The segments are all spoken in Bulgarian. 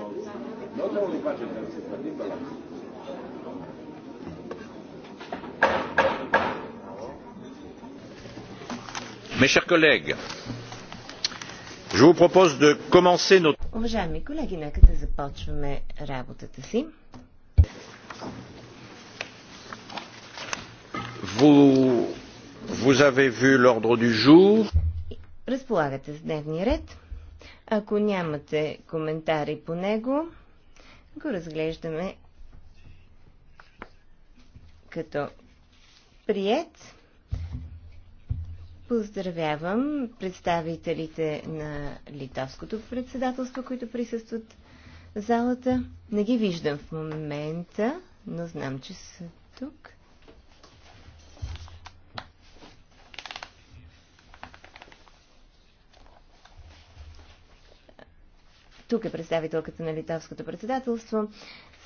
models, not only budget deficit, but imbalance. Mes chers collègues, je vous propose de commencer notre... Уважаеми колеги, нека да започваме работата си. Vous, vous avez vu l'ordre du jour. Разполагате с дневния ред. Ако нямате коментари по него, го разглеждаме като прият. Поздравявам представителите на литовското председателство, които присъстват в залата. Не ги виждам в момента, но знам, че са тук. Тук е представителката на Литовското председателство.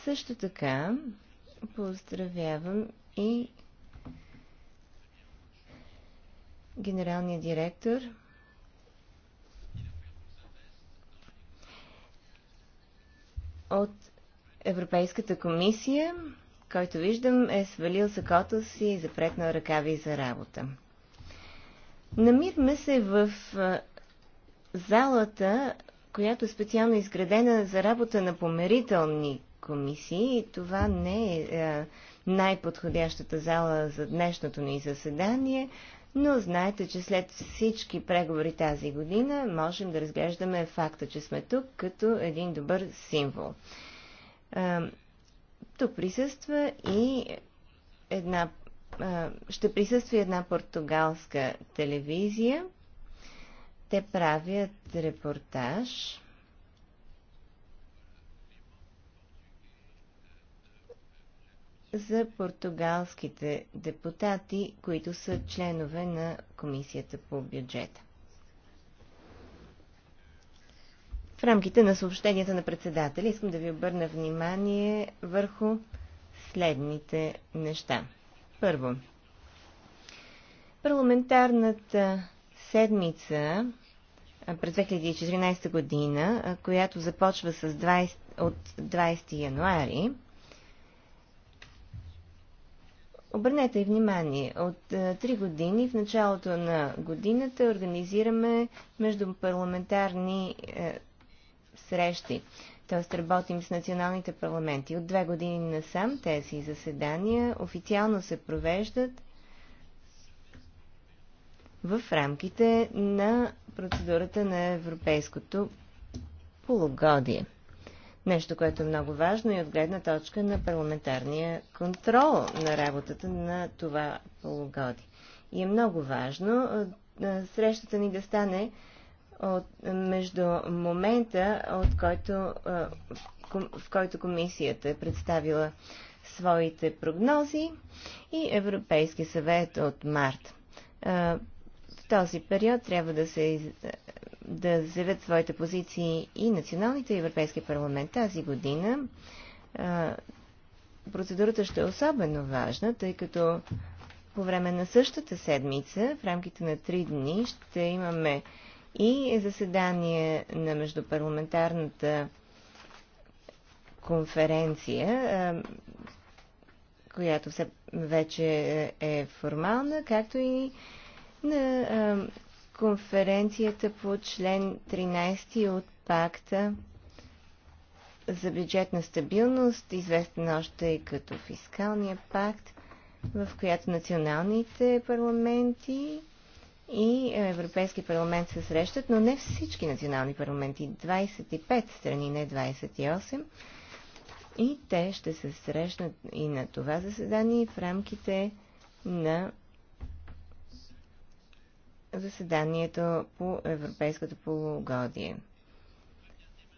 Също така поздравявам и генералния директор от Европейската комисия, който виждам е свалил сакото си и запретнал ръкави за работа. Намираме се в залата която е специално изградена за работа на померителни комисии и това не е, е най-подходящата зала за днешното ни заседание, но знаете, че след всички преговори тази година можем да разглеждаме факта, че сме тук като един добър символ. Е, тук присъства и една, е, ще присъства и една португалска телевизия – те правят репортаж за португалските депутати, които са членове на Комисията по бюджета. В рамките на съобщенията на председателя искам да ви обърна внимание върху следните неща. Първо, парламентарната седмица през 2014 година, която започва с 20, от 20 януари, Обърнете внимание, от 3 години в началото на годината организираме междупарламентарни е, срещи. Т.е. работим с националните парламенти. От две години насам тези заседания официално се провеждат в рамките на процедурата на европейското полугодие. Нещо, което е много важно и от гледна точка на парламентарния контрол на работата на това полугодие. И е много важно срещата ни да стане от, между момента, от който, в който комисията е представила своите прогнози и Европейски съвет от март. В този период трябва да се да заявят своите позиции и националните и европейски парламент тази година. Процедурата ще е особено важна, тъй като по време на същата седмица, в рамките на три дни, ще имаме и заседание на Междупарламентарната конференция, която вече е, е формална, както и на конференцията по член 13 от пакта за бюджетна стабилност, известен още и като фискалния пакт, в която националните парламенти и Европейски парламент се срещат, но не всички национални парламенти, 25 страни, не 28. И те ще се срещнат и на това заседание в рамките на заседанието по Европейското полугодие.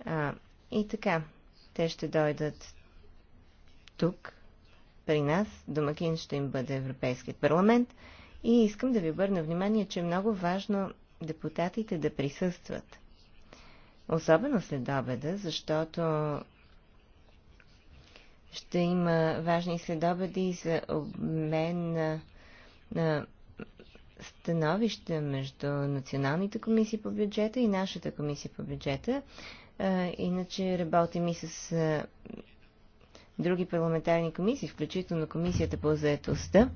А, и така, те ще дойдат тук, при нас, домакин ще им бъде Европейският парламент и искам да ви обърна внимание, че е много важно депутатите да присъстват. Особено след обеда, защото ще има важни следобеди за обмен на, на становища между националните комисии по бюджета и нашата комисия по бюджета. Иначе работим и с други парламентарни комисии, включително комисията по заедостта.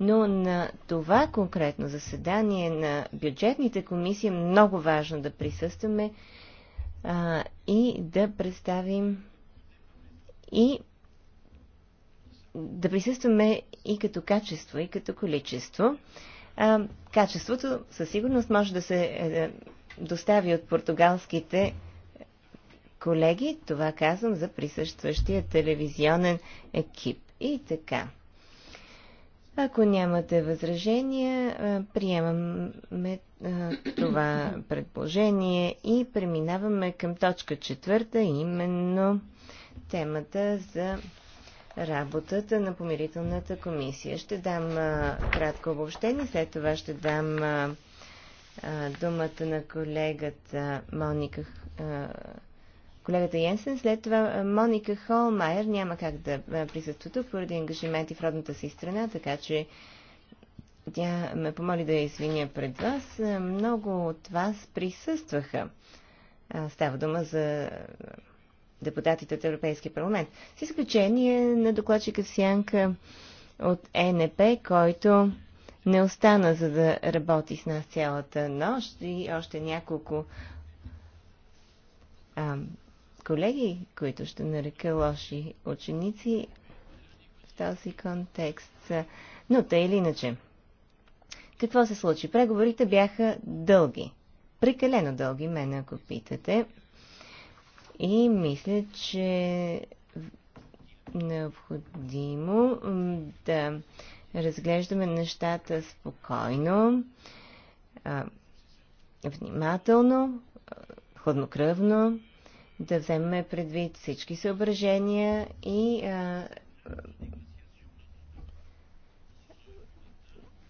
Но на това конкретно заседание на бюджетните комисии е много важно да присъстваме а, и да представим и да присъстваме и като качество, и като количество. А, качеството със сигурност може да се е, е, достави от португалските колеги. Това казвам за присъстващия телевизионен екип. И така. Ако нямате възражения, приемаме това предположение и преминаваме към точка четвърта, именно темата за работата на помирителната комисия. Ще дам а, кратко обобщение, след това ще дам а, а, думата на колегата Моника, а, колегата Йенсен, след това Моника Холмайер няма как да присъства тук поради ангажименти в родната си страна, така че тя ме помоли да я извиня пред вас. Много от вас присъстваха. Става дума за депутатите от Европейския парламент. С изключение на докладчика Сянка от ЕНП, който не остана за да работи с нас цялата нощ и още няколко а, колеги, които ще нарека лоши ученици в този контекст. Но те или иначе. Какво се случи? Преговорите бяха дълги. Прекалено дълги, мен ако питате. И мисля, че е необходимо да разглеждаме нещата спокойно, внимателно, хладнокръвно, да вземем предвид всички съображения и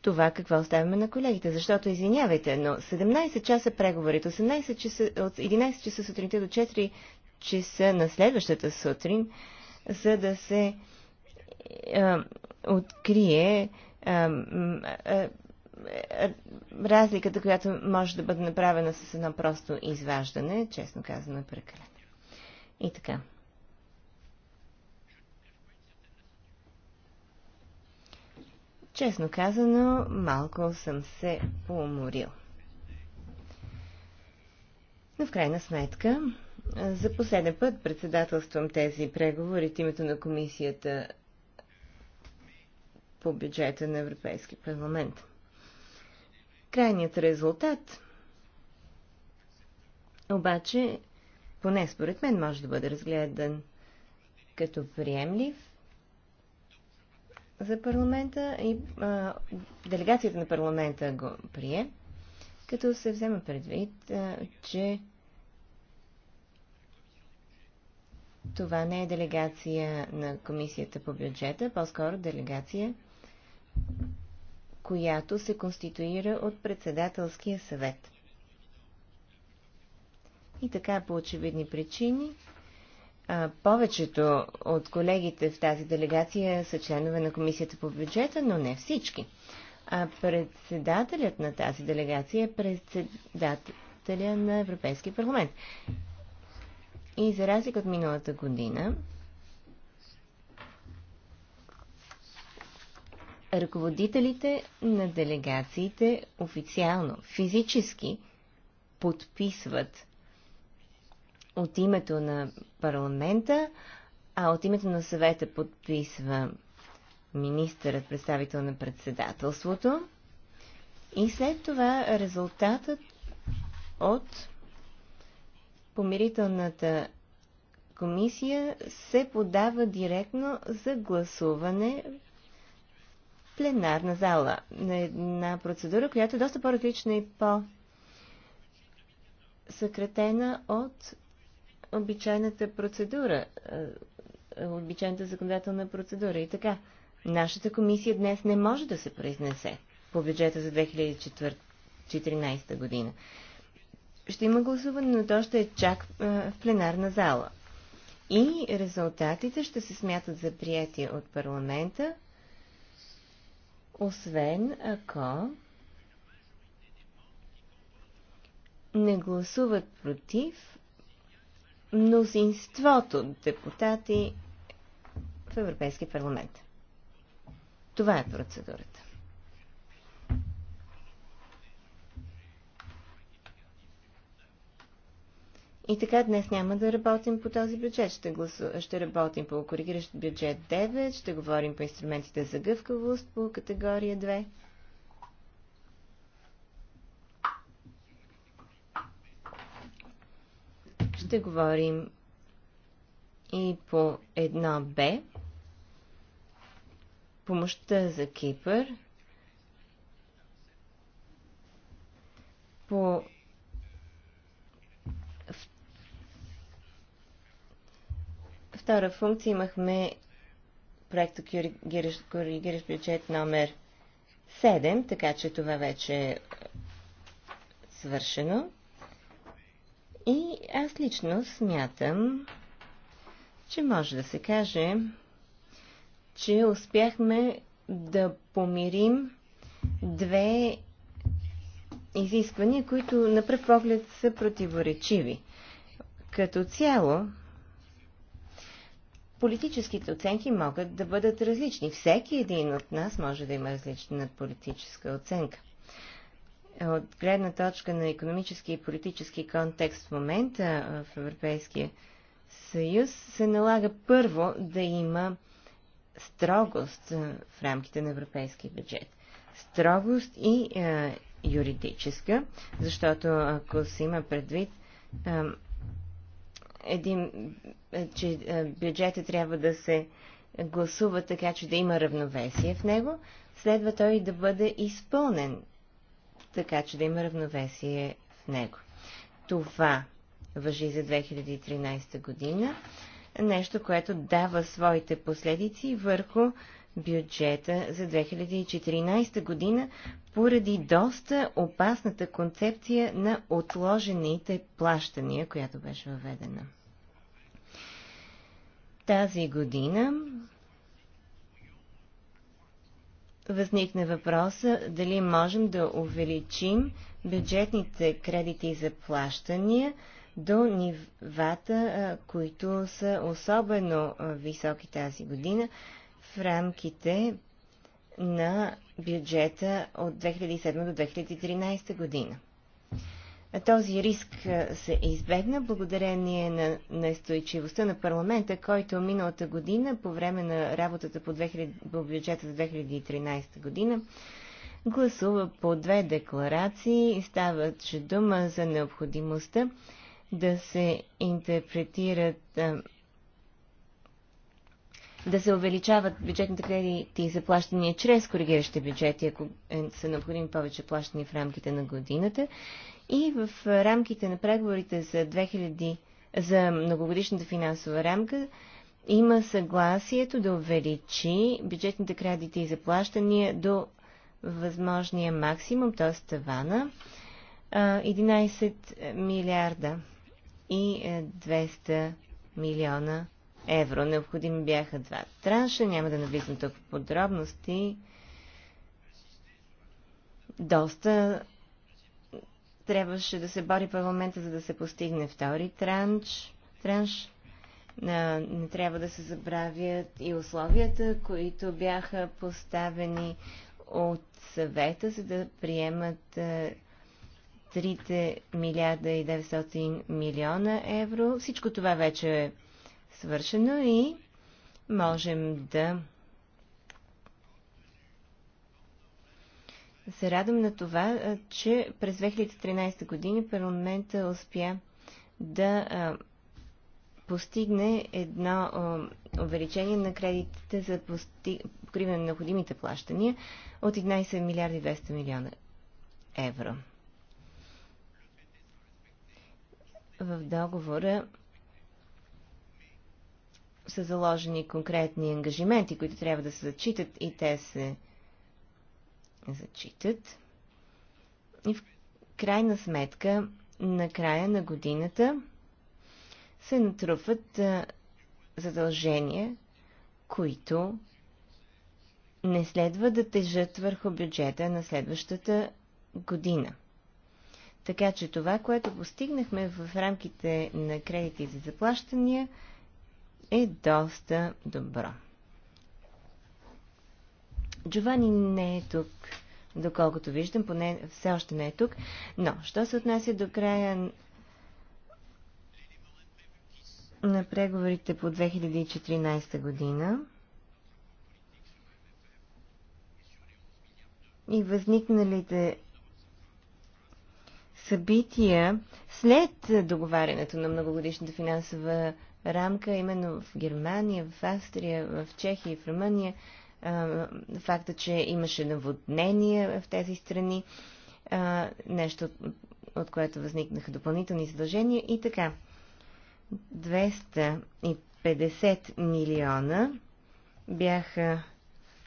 това какво оставяме на колегите. Защото, извинявайте, но 17 часа преговорите, 18 часа, от 11 часа сутринта до 4 часа на следващата сутрин, за да се а, е, открие а, е, а, е, разликата, която може да бъде направена с едно просто изваждане, честно казано е прекалено. И така. Честно казано, малко съм се поуморил. Но в крайна сметка, за последен път председателствам тези преговори от името на комисията по бюджета на Европейски парламент. Крайният резултат обаче, поне според мен, може да бъде разгледан като приемлив за парламента и а, делегацията на парламента го прие, като се взема предвид, а, че това не е делегация на Комисията по бюджета, по-скоро делегация, която се конституира от председателския съвет. И така по очевидни причини повечето от колегите в тази делегация са членове на Комисията по бюджета, но не всички. А председателят на тази делегация е председателя на Европейския парламент. И за разлика от миналата година, ръководителите на делегациите официално, физически подписват от името на парламента, а от името на съвета подписва министърът, представител на председателството. И след това резултатът от помирителната комисия се подава директно за гласуване в пленарна зала. На една процедура, която е доста по-различна и по-съкратена от обичайната процедура, е, обичайната законодателна процедура. И така, нашата комисия днес не може да се произнесе по бюджета за 2014 година. Ще има гласуване, но то ще е чак е, в пленарна зала. И резултатите ще се смятат за приятие от парламента, освен ако не гласуват против мнозинството депутати в Европейския парламент. Това е процедурата. И така днес няма да работим по този бюджет. Ще, гласу... ще работим по коригиращ бюджет 9, ще говорим по инструментите за гъвкавост по категория 2. да говорим и по едно б помощта за Кипър, по втора функция имахме проект коригираш бюджет номер 7, така че това вече е свършено. И аз лично смятам, че може да се каже, че успяхме да помирим две изисквания, които на пръв поглед са противоречиви. Като цяло, политическите оценки могат да бъдат различни. Всеки един от нас може да има различна политическа оценка от гледна точка на економически и политически контекст в момента в Европейския съюз, се налага първо да има строгост в рамките на европейския бюджет. Строгост и е, юридическа, защото ако се има предвид, е, един, е, че бюджета трябва да се гласува така, че да има равновесие в него, следва той да бъде изпълнен така че да има равновесие в него. Това въжи за 2013 година, нещо, което дава своите последици върху бюджета за 2014 година поради доста опасната концепция на отложените плащания, която беше въведена. Тази година възникне въпроса дали можем да увеличим бюджетните кредити за плащания до нивата, които са особено високи тази година в рамките на бюджета от 2007 до 2013 година. Този риск се избегна благодарение на настойчивостта на парламента, който миналата година, по време на работата по, 2000, по бюджета за 2013 година, гласува по две декларации и че дума за необходимостта да се интерпретират да се увеличават бюджетните кредити и заплащания чрез коригиращи бюджети, ако е, са необходими повече плащания в рамките на годината. И в рамките на преговорите за 2000, за многогодишната финансова рамка, има съгласието да увеличи бюджетните кредити и заплащания до възможния максимум, т.е. тавана, 11 милиарда и 200 е, милиона евро. Необходими бяха два транша, няма да навлизам тук в подробности. Доста трябваше да се бори парламента, за да се постигне втори транш. транш. Не трябва да се забравят и условията, които бяха поставени от съвета, за да приемат 3 милиарда и 900 милиона евро. Всичко това вече е свършено и можем да се радвам на това, че през 2013 година парламента успя да постигне едно увеличение на кредитите за покриване на необходимите плащания от 11 милиарди 200 милиона евро. В договора са заложени конкретни ангажименти, които трябва да се зачитат и те се зачитат. И в крайна сметка, на края на годината се натрупват задължения, които не следва да тежат върху бюджета на следващата година. Така че това, което постигнахме в рамките на кредити за заплащания, е доста добро. Джовани не е тук, доколкото виждам, поне все още не е тук. Но, що се отнася до края на преговорите по 2014 година и възникналите събития след договарянето на многогодишната финансова рамка, именно в Германия, в Австрия, в Чехия и в Румъния, факта, че имаше наводнения в тези страни, нещо от което възникнаха допълнителни задължения и така. 250 милиона бяха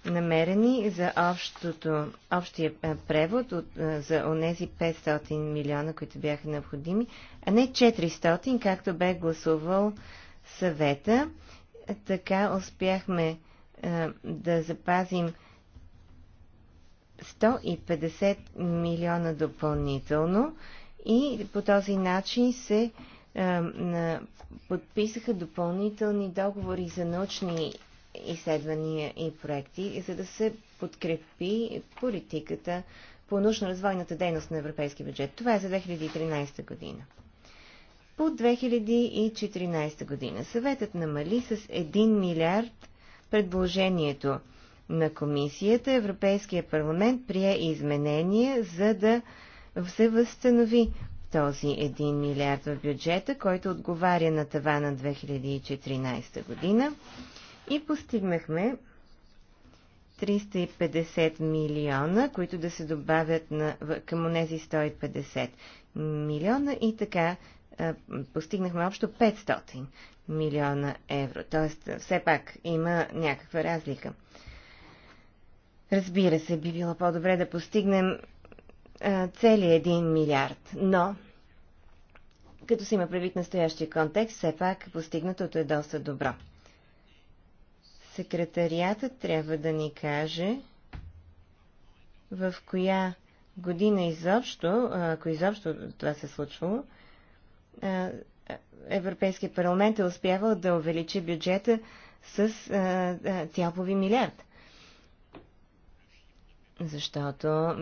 намерени за общото, общия превод от, за онези 500 милиона, които бяха необходими, а не 400, както бе гласувал съвета. Така успяхме е, да запазим 150 милиона допълнително и по този начин се е, подписаха допълнителни договори за научни изследвания и проекти, за да се подкрепи политиката по научно-развойната дейност на европейски бюджет. Това е за 2013 година. По 2014 година съветът намали с 1 милиард предложението на комисията, Европейския парламент прие изменения, за да се възстанови този 1 милиард в бюджета, който отговаря на това на 2014 година. И постигнахме 350 милиона, които да се добавят на, към онези 150 милиона и така постигнахме общо 500 милиона евро. Тоест, все пак има някаква разлика. Разбира се, би било по-добре да постигнем цели 1 милиард, но като се има предвид настоящия контекст, все пак постигнатото е доста добро. Секретариатът трябва да ни каже в коя година изобщо, ако изобщо това се е случвало, Европейския парламент е успявал да увеличи бюджета с тялпови милиард. Защото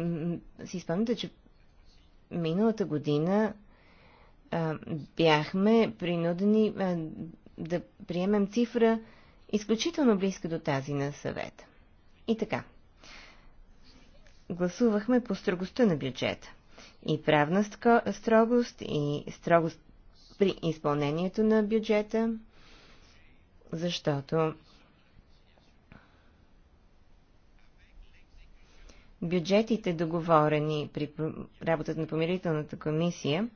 си спомняте, че миналата година а, бяхме принудени а, да приемем цифра изключително близка до тази на съвет. И така. Гласувахме по строгостта на бюджета. И правна строгост, и строгост при изпълнението на бюджета, защото бюджетите, договорени при работата на помирителната комисия,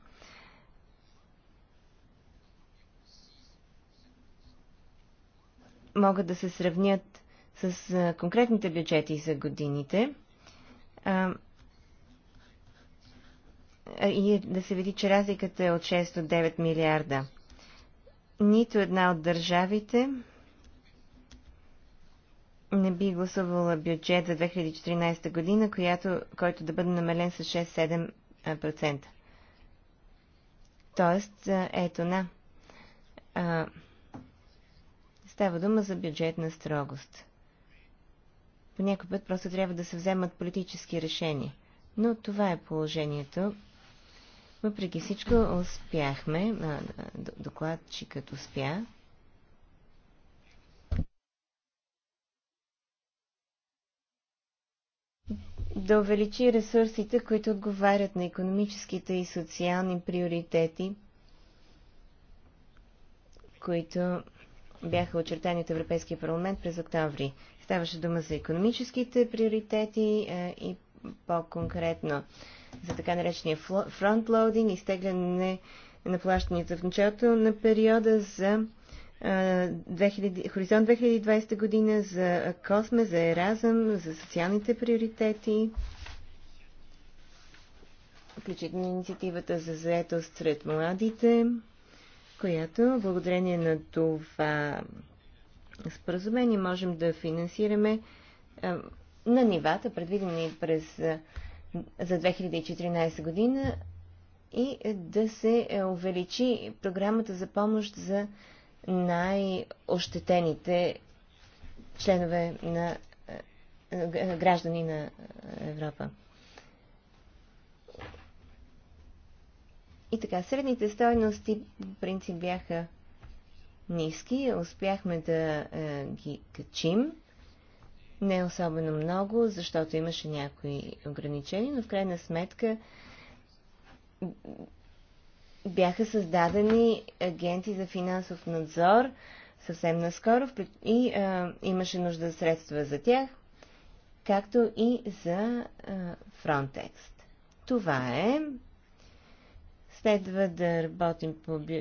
могат да се сравнят с конкретните бюджети за годините и е да се види, че разликата е от 6 до 9 милиарда. Нито една от държавите не би гласувала бюджет за 2014 година, която, който да бъде намален с 6-7%. Тоест, ето на. А, става дума за бюджетна строгост. По някой път просто трябва да се вземат политически решения. Но това е положението въпреки всичко успяхме, докладчикът успя да увеличи ресурсите, които отговарят на економическите и социални приоритети, които бяха очертани от Европейския парламент през октомври. Ставаше дума за економическите приоритети и по-конкретно за така наречения фронтлоудинг, изтегляне на плащанията в началото на периода за 2000, Хоризонт 2020 година, за Косме, за Еразъм, за социалните приоритети, включително инициативата за заетост сред младите, която благодарение на това споразумение можем да финансираме на нивата, предвидени през, е, за 2014 година и е, да се е, увеличи програмата за помощ за най-ощетените членове на граждани на Европа. И така, средните стойности по принцип бяха ниски, успяхме да ги качим не особено много, защото имаше някои ограничения, но в крайна сметка бяха създадени агенти за финансов надзор съвсем наскоро и а, имаше нужда за средства за тях, както и за а, Frontex. Това е. Следва да работим по, бю...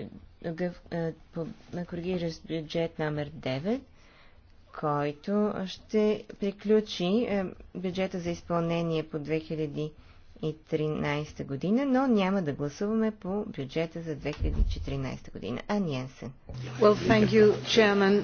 по коригиращ бюджет номер 9 който ще приключи е, бюджета за изпълнение по 2013 година, но няма да гласуваме по бюджета за 2014 година. Аниенсен. Well, thank you, chairman.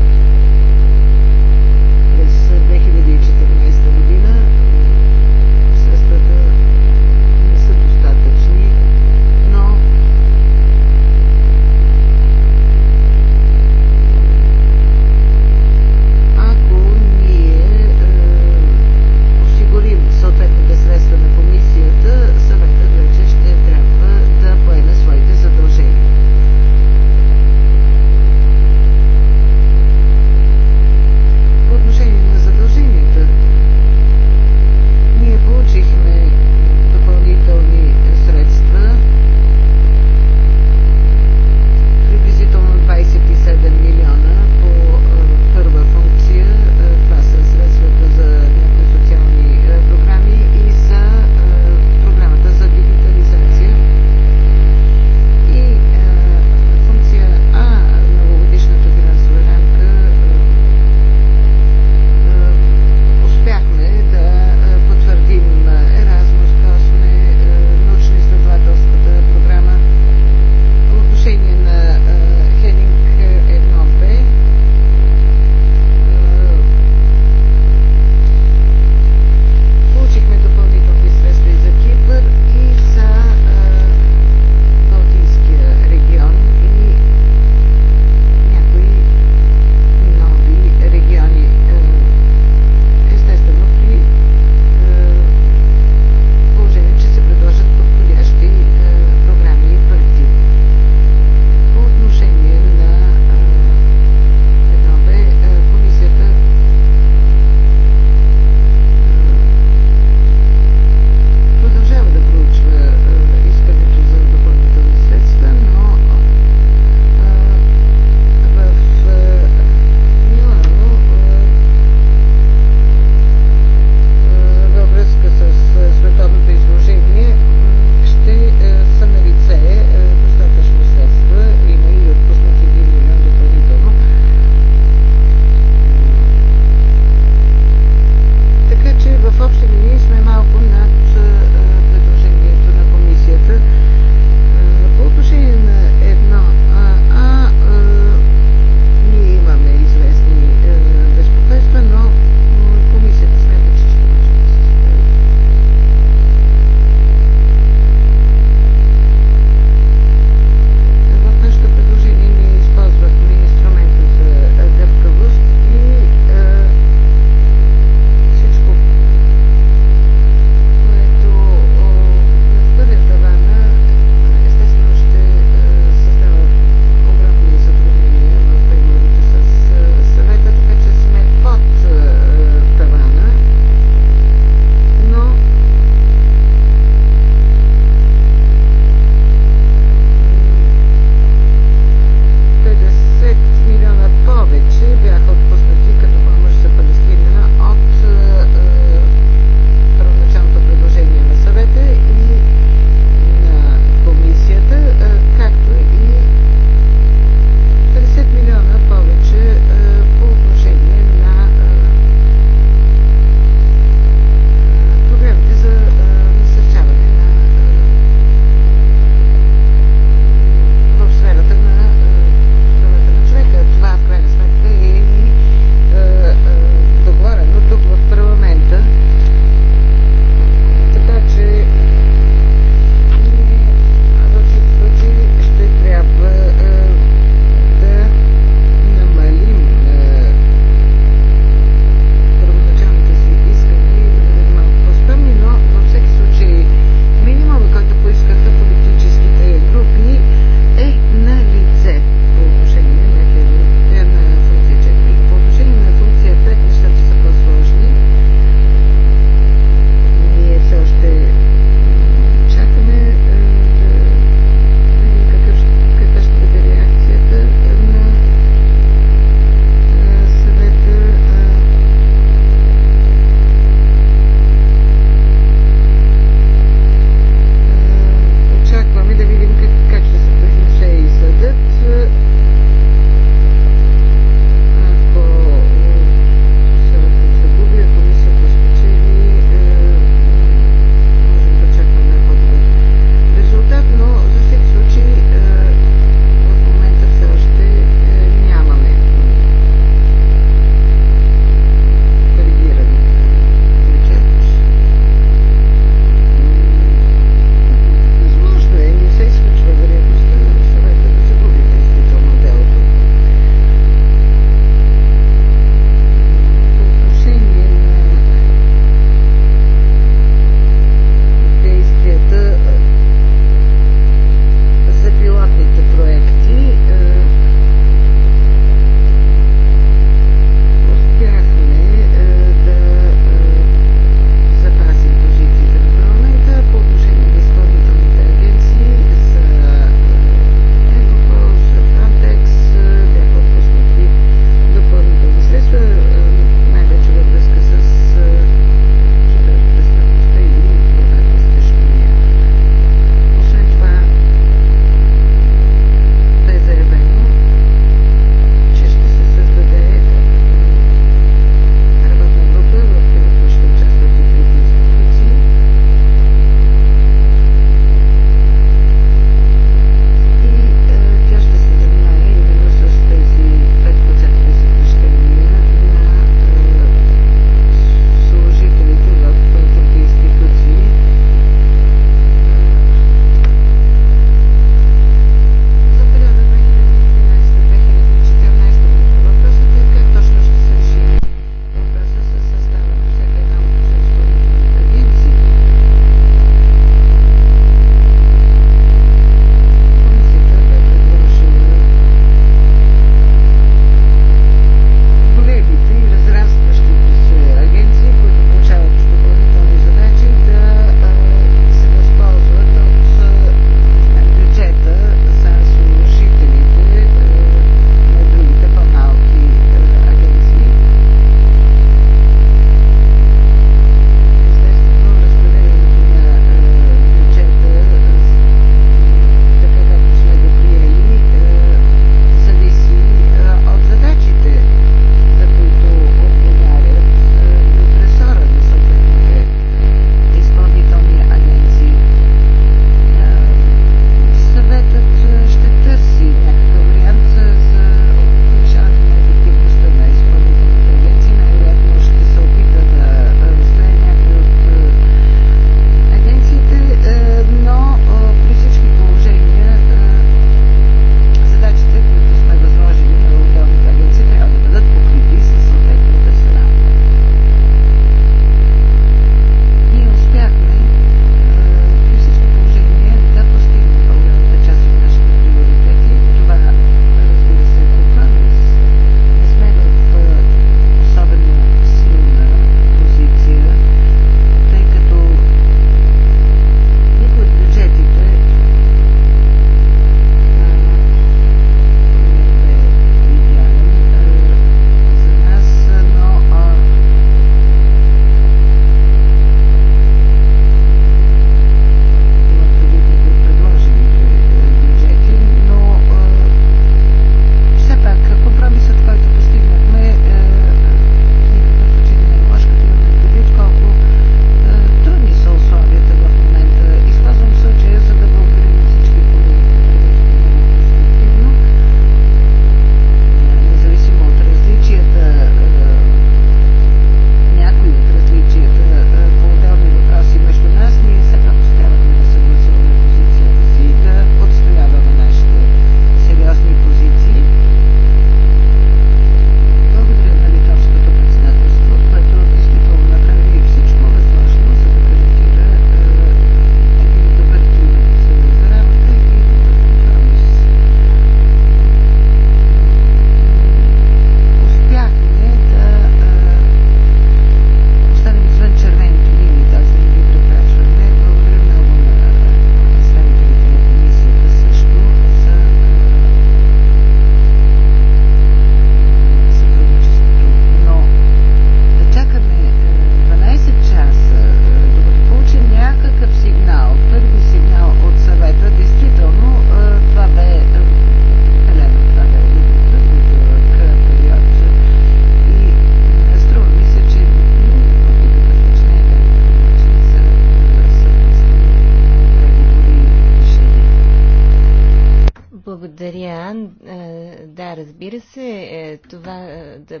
да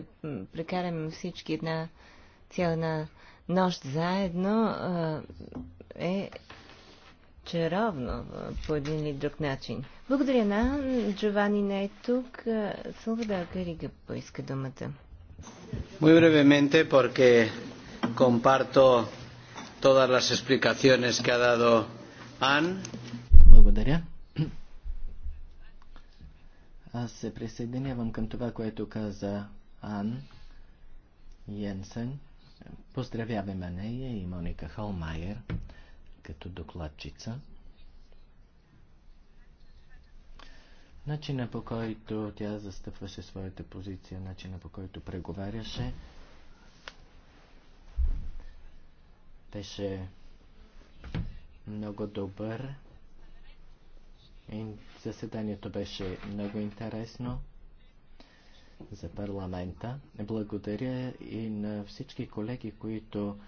прекараме всички една цяла нощ заедно е чаровно по един или друг начин. Благодаря на Джовани не е тук. Салвадор Карига поиска думата. Muy brevemente porque comparto todas las explicaciones que ha dado Ann. Благодаря. Аз се присъединявам към това, което каза Ан Йенсен. Поздравяваме нея и Моника Холмайер като докладчица. Начина по който тя застъпваше своята позиция, начина по който преговаряше, беше много добър. Заседанието беше много интересно за парламента. Благодаря и на всички колеги, които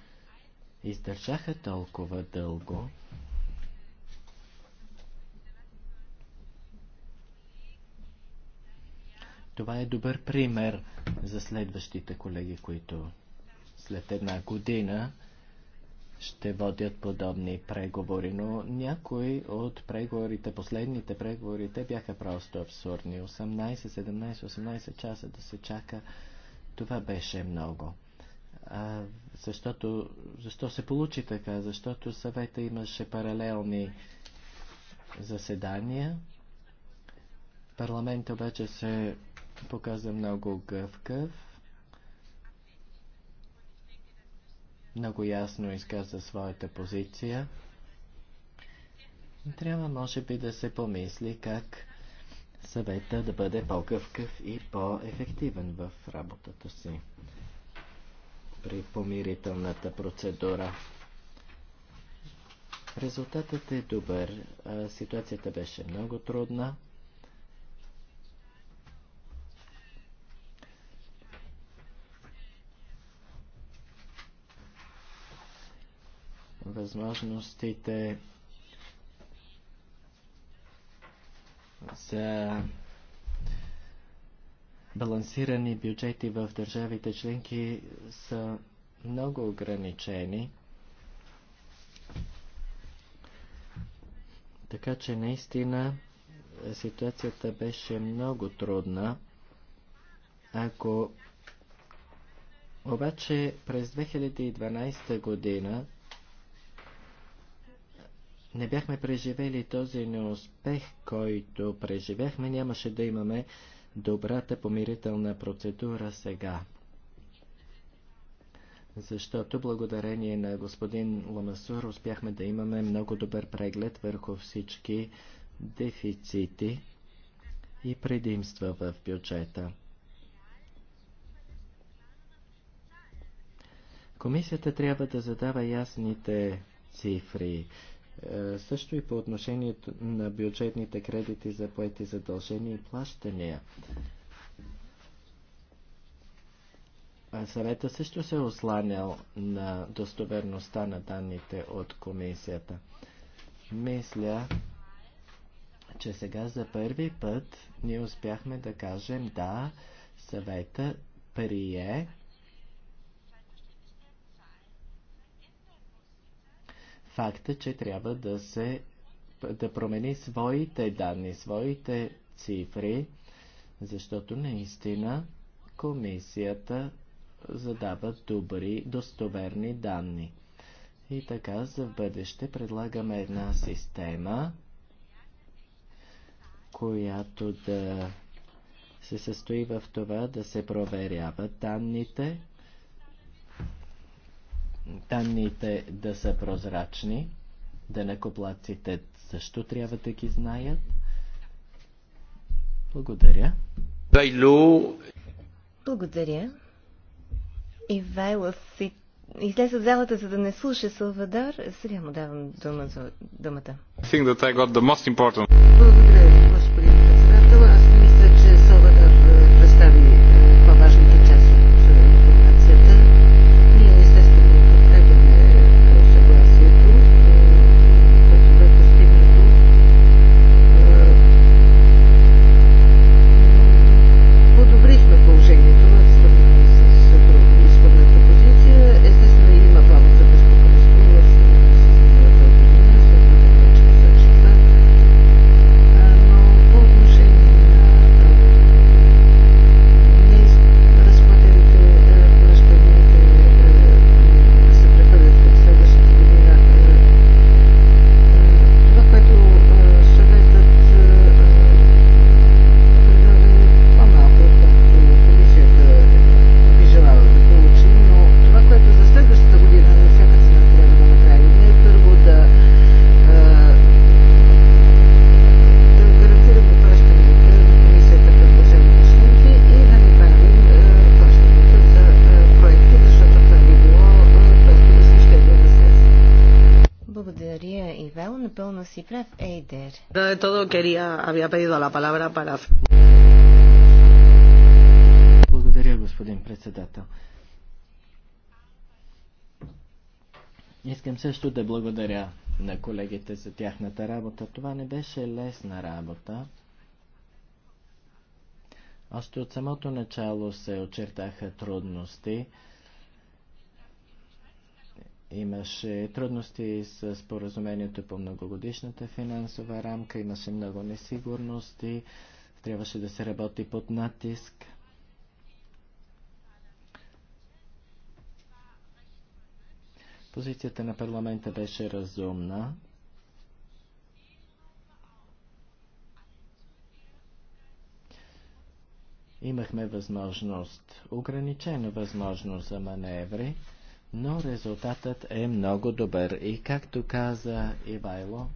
издържаха толкова дълго. Това е добър пример за следващите колеги, които след една година ще водят подобни преговори, но някои от преговорите, последните преговори, те бяха просто абсурдни. 18, 17, 18 часа да се чака, това беше много. А, защото, защо се получи така? Защото съвета имаше паралелни заседания. Парламент обаче се показа много гъвкав много ясно изказа своята позиция. Трябва, може би, да се помисли как съвета да бъде по-гъвкав и по-ефективен в работата си при помирителната процедура. Резултатът е добър. Ситуацията беше много трудна. възможностите за балансирани бюджети в държавите членки са много ограничени. Така че наистина ситуацията беше много трудна. Ако обаче през 2012 година не бяхме преживели този неуспех, който преживяхме, нямаше да имаме добрата помирителна процедура сега. Защото благодарение на господин Ламасур успяхме да имаме много добър преглед върху всички дефицити и предимства в бюджета. Комисията трябва да задава ясните цифри. Е, също и по отношение на бюджетните кредити за поети задължения и плащания. Съвета също се е осланял на достоверността на данните от комисията. Мисля, че сега за първи път ние успяхме да кажем да, съвета прие факта, че трябва да се да промени своите данни, своите цифри, защото наистина комисията задава добри, достоверни данни. И така за бъдеще предлагаме една система, която да се състои в това да се проверяват данните, данните да са прозрачни, да коплаците също трябва да ги знаят. Благодаря. Байло. Благодаря. Ивайло си излезе от залата, за да не слуша Салвадор. Сега му давам дума за думата. Благодаря. De todo quería, había pedido la palabra para... Благодаря, господин председател. Искам също да благодаря на колегите за тяхната работа. Това не беше лесна работа. Още от самото начало се очертаха трудности. Имаше трудности с поразумението по многогодишната финансова рамка, имаше много несигурности, трябваше да се работи под натиск. Позицията на парламента беше разумна. Имахме възможност, ограничена възможност за маневри но резултатът е много добър. И както каза Ивайло,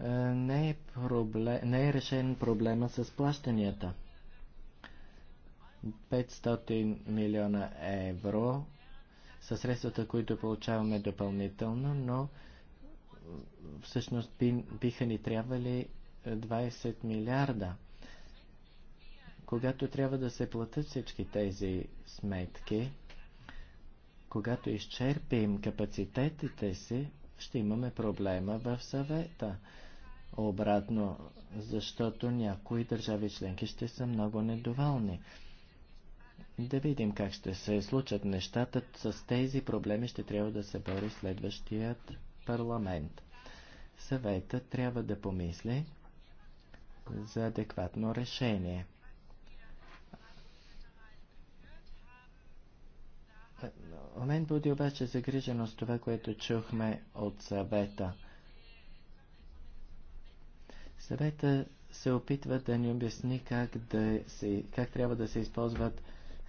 е, не е, проблем, не е решен проблема с плащанията. 500 милиона евро са средствата, които получаваме допълнително, но всъщност биха ни трябвали 20 милиарда – когато трябва да се платят всички тези сметки, когато изчерпим капацитетите си, ще имаме проблема в съвета. Обратно, защото някои държави членки ще са много недоволни. Да видим как ще се случат нещата. С тези проблеми ще трябва да се бори следващият парламент. Съвета трябва да помисли за адекватно решение. мен буди обаче загриженост това, което чухме от съвета. Съвета се опитва да ни обясни как, да се, как трябва да се използват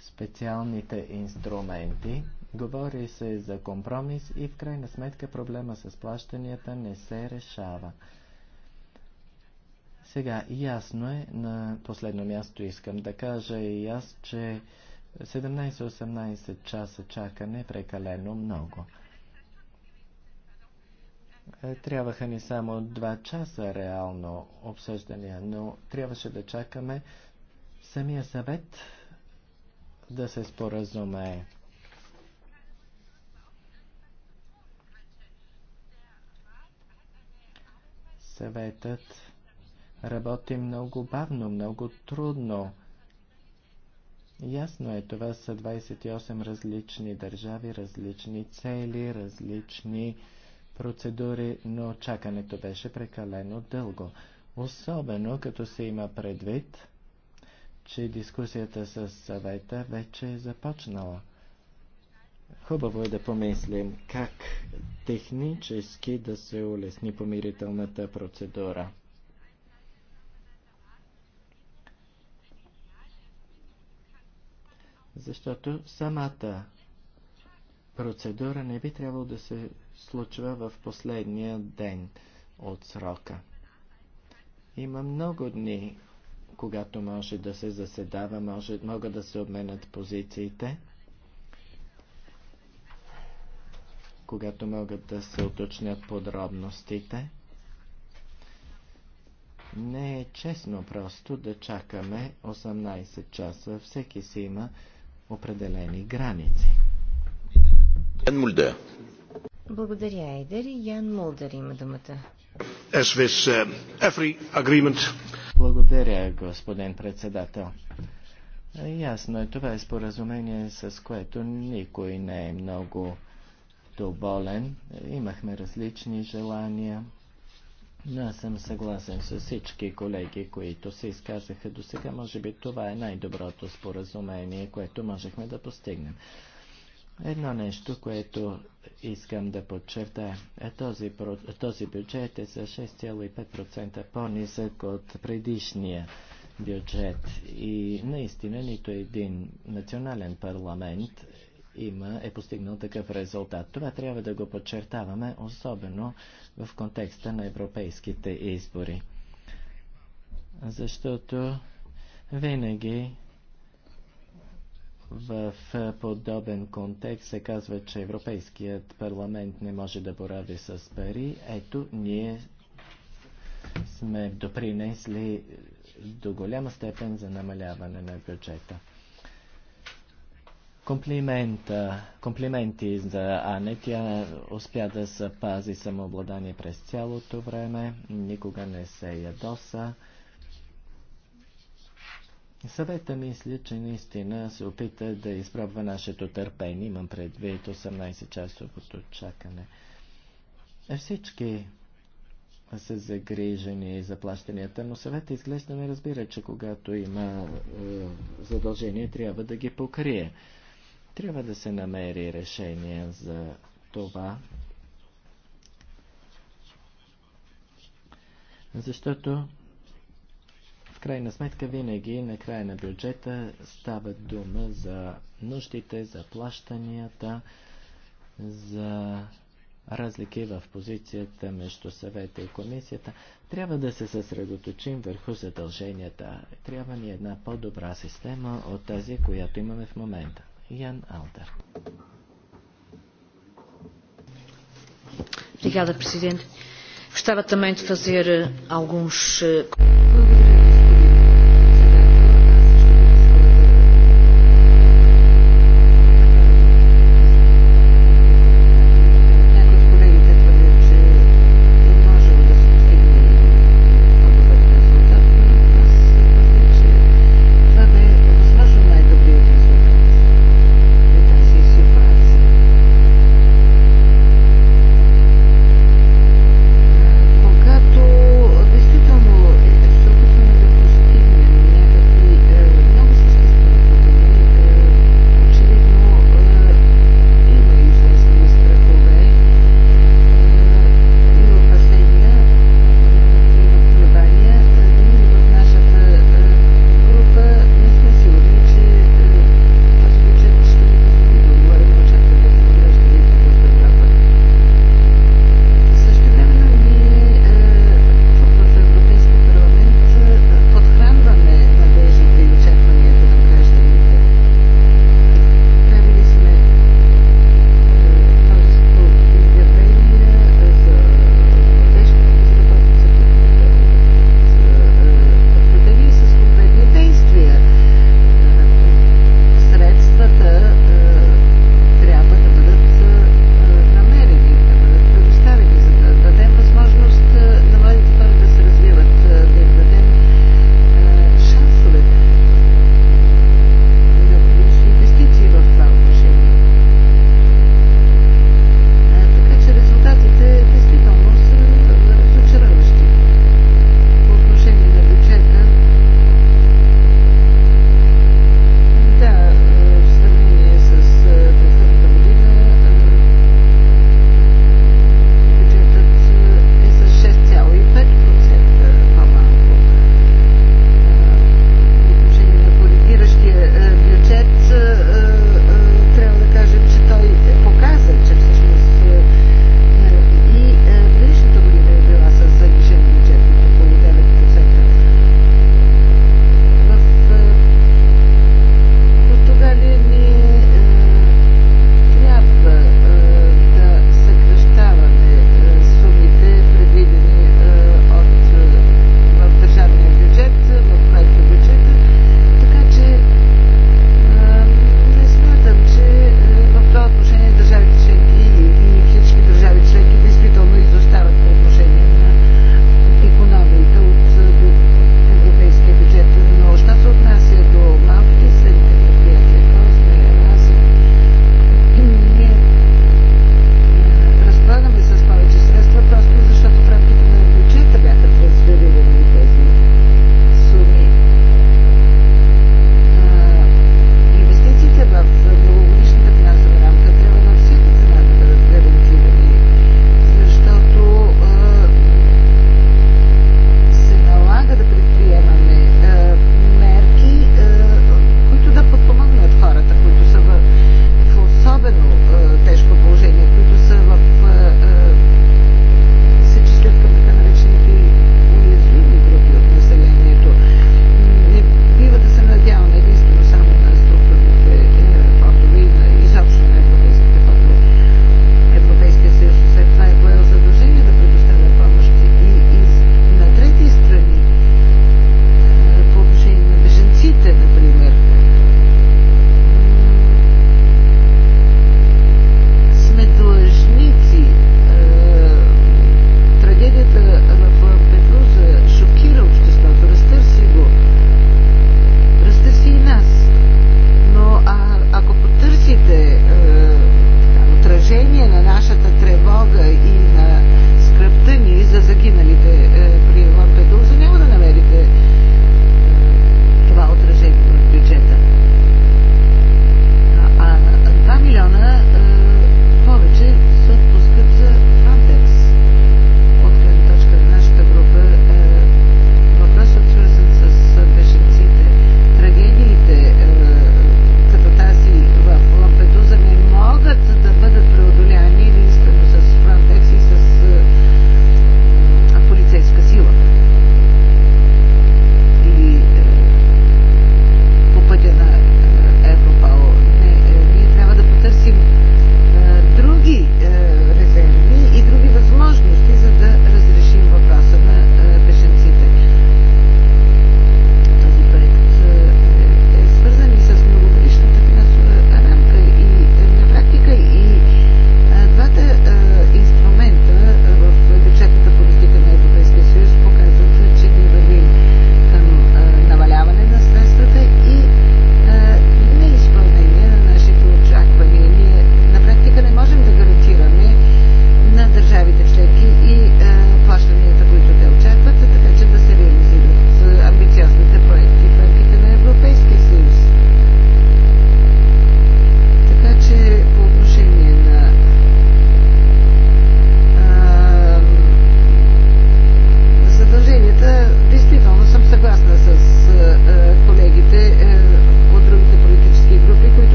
специалните инструменти. Говори се за компромис и в крайна сметка проблема с плащанията не се решава. Сега, ясно е, на последно място искам да кажа и аз, че 17-18 часа чакане прекалено много. Е, трябваха ни само 2 часа реално обсъждания, но трябваше да чакаме самия съвет да се споразумее. Съветът работи много бавно, много трудно Ясно е, това са 28 различни държави, различни цели, различни процедури, но чакането беше прекалено дълго. Особено като се има предвид, че дискусията с съвета вече е започнала. Хубаво е да помислим как технически да се улесни помирителната процедура. защото самата процедура не би трябвало да се случва в последния ден от срока. Има много дни, когато може да се заседава, може, могат да се обменят позициите, когато могат да се уточнят подробностите. Не е честно просто да чакаме 18 часа. Всеки си има определени граници. Ян Мулдер. Благодаря, Ейдер. Ян Мулдер има думата. Uh, Благодаря, господин председател. Ясно е, това е споразумение, с което никой не е много доволен. Имахме различни желания. Но аз съм съгласен с всички колеги, които се изказаха до сега. Може би това е най-доброто споразумение, което можехме да постигнем. Едно нещо, което искам да подчертая. Е, този, този бюджет е за 6,5% по-нисък от предишния бюджет. И наистина нито един национален парламент има, е постигнал такъв резултат. Това трябва да го подчертаваме, особено в контекста на европейските избори. Защото винаги в подобен контекст се казва, че Европейският парламент не може да борави с пари. Ето, ние сме допринесли до голяма степен за намаляване на бюджета. Комплимента, комплименти за Ане. Тя успя да се пази самообладание през цялото време, никога не се ядоса. Съвета мисля, че наистина се опита да изпробва нашето търпение. Имам предвид 18-часовото чакане. Всички са загрижени за плащанията, но съвета изглежда не разбира, че когато има е, задължение, трябва да ги покрие. Трябва да се намери решение за това, защото в крайна сметка винаги на края на бюджета става дума за нуждите, за плащанията, за разлики в позицията между съвета и комисията, трябва да се съсредоточим върху задълженията. Трябва ни една по-добра система от тази, която имаме в момента. Jan Alter. Obrigada, Presidente. Gostava também de fazer alguns.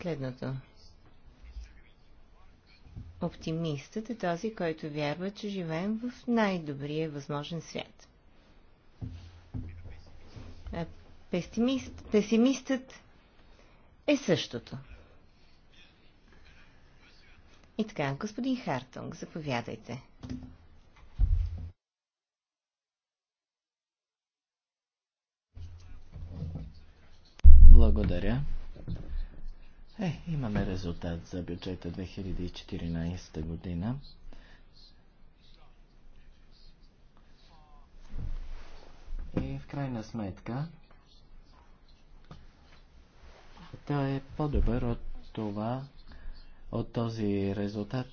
следното. Оптимистът е този, който вярва, че живеем в най-добрия възможен свят. А песимистът е същото. И така, господин Хартунг, заповядайте. Благодаря. Е, имаме резултат за бюджета 2014 година. И в крайна сметка той е по-добър от това, от този резултат,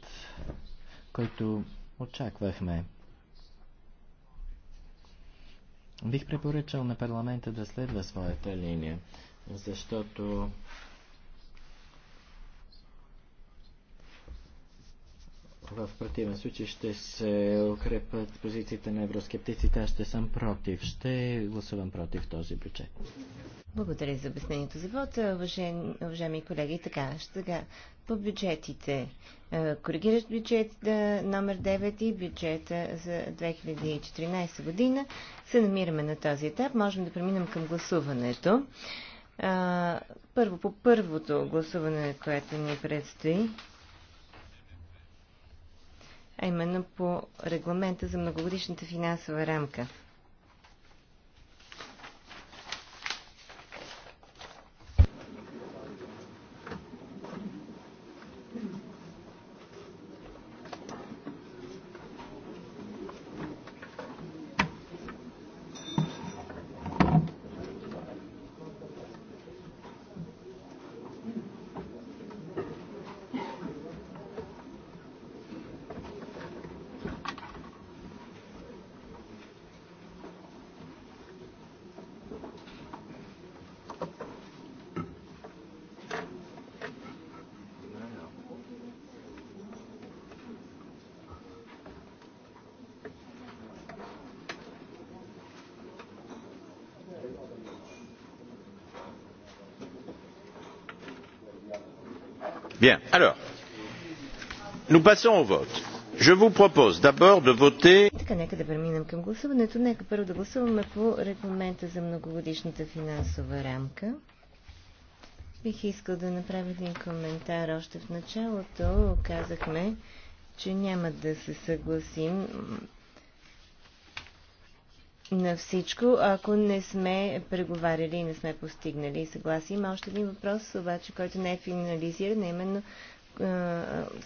който очаквахме. Бих препоръчал на парламента да следва своята линия, защото В противен случай ще се укрепят позициите на евроскептиците. Аз ще съм против. Ще гласувам против този бюджет. Благодаря за обяснението за вода, уважаеми колеги. Така, сега по бюджетите. Е, коригиращ бюджет номер 9 и бюджета за 2014 година се намираме на този етап. Можем да преминем към гласуването. Е, първо по първото гласуване, което ни предстои а именно по регламента за многогодишната финансова рамка. nous passons au vote. Je vous propose d'abord de voter... Така, нека да преминем към гласуването. Нека първо да гласуваме по регламента за многогодишната финансова рамка. Бих искал да направя един коментар. Още в началото казахме, че няма да се съгласим на всичко, ако не сме преговаряли и не сме постигнали съгласие. Има още един въпрос, обаче, който не е финализиран, а именно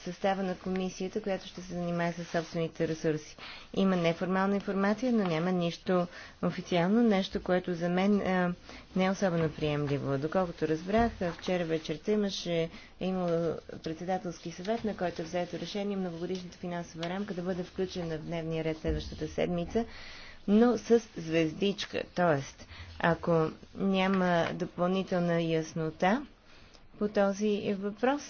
състава на комисията, която ще се занимае с собствените ресурси. Има неформална информация, но няма нищо официално, нещо, което за мен е, не е особено приемливо. Доколкото разбрах, вчера вечерта имаше е имало председателски съвет, на който е взето решение многогодишната финансова рамка да бъде включена в дневния ред следващата седмица но с звездичка. Тоест, ако няма допълнителна яснота по този въпрос,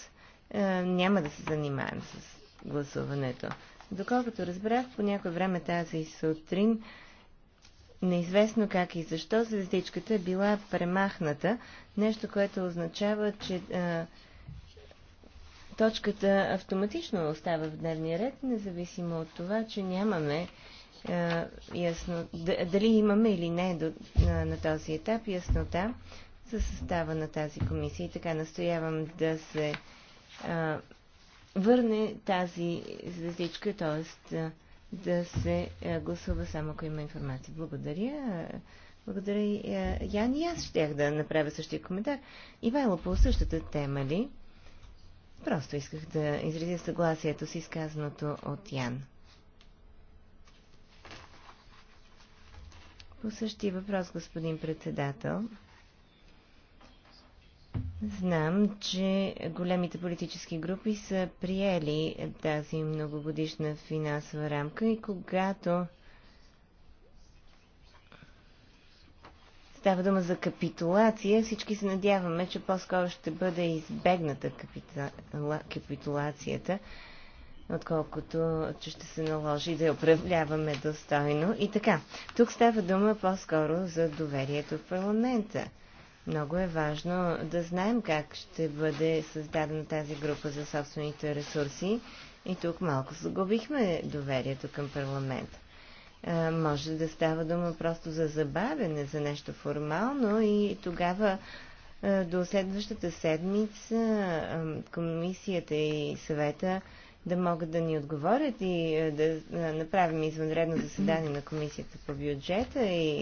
е, няма да се занимаем с гласуването. Доколкото разбрах, по някое време тази сутрин, неизвестно как и защо, звездичката е била премахната, нещо, което означава, че а, е, точката автоматично остава в дневния ред, независимо от това, че нямаме е, ясно, дали имаме или не до, на, на този етап яснота за състава на тази комисия. И така настоявам да се а, върне тази звездичка, т.е. да се гласува само ако има информация. Благодаря. Благодаря и Ян и аз щях да направя същия коментар. Ивайло по същата тема ли? Просто исках да изразя съгласието с изказаното от Ян. По същия въпрос, господин председател, знам, че големите политически групи са приели тази многогодишна финансова рамка и когато Става дума за капитулация. Всички се надяваме, че по-скоро ще бъде избегната капитула... капитулацията, отколкото че ще се наложи да я управляваме достойно. И така, тук става дума по-скоро за доверието в парламента. Много е важно да знаем как ще бъде създадена тази група за собствените ресурси. И тук малко загубихме доверието към парламента. Може да става дума просто за забавене, за нещо формално и тогава до следващата седмица комисията и съвета да могат да ни отговорят и е, да е, направим извънредно заседание на комисията по бюджета и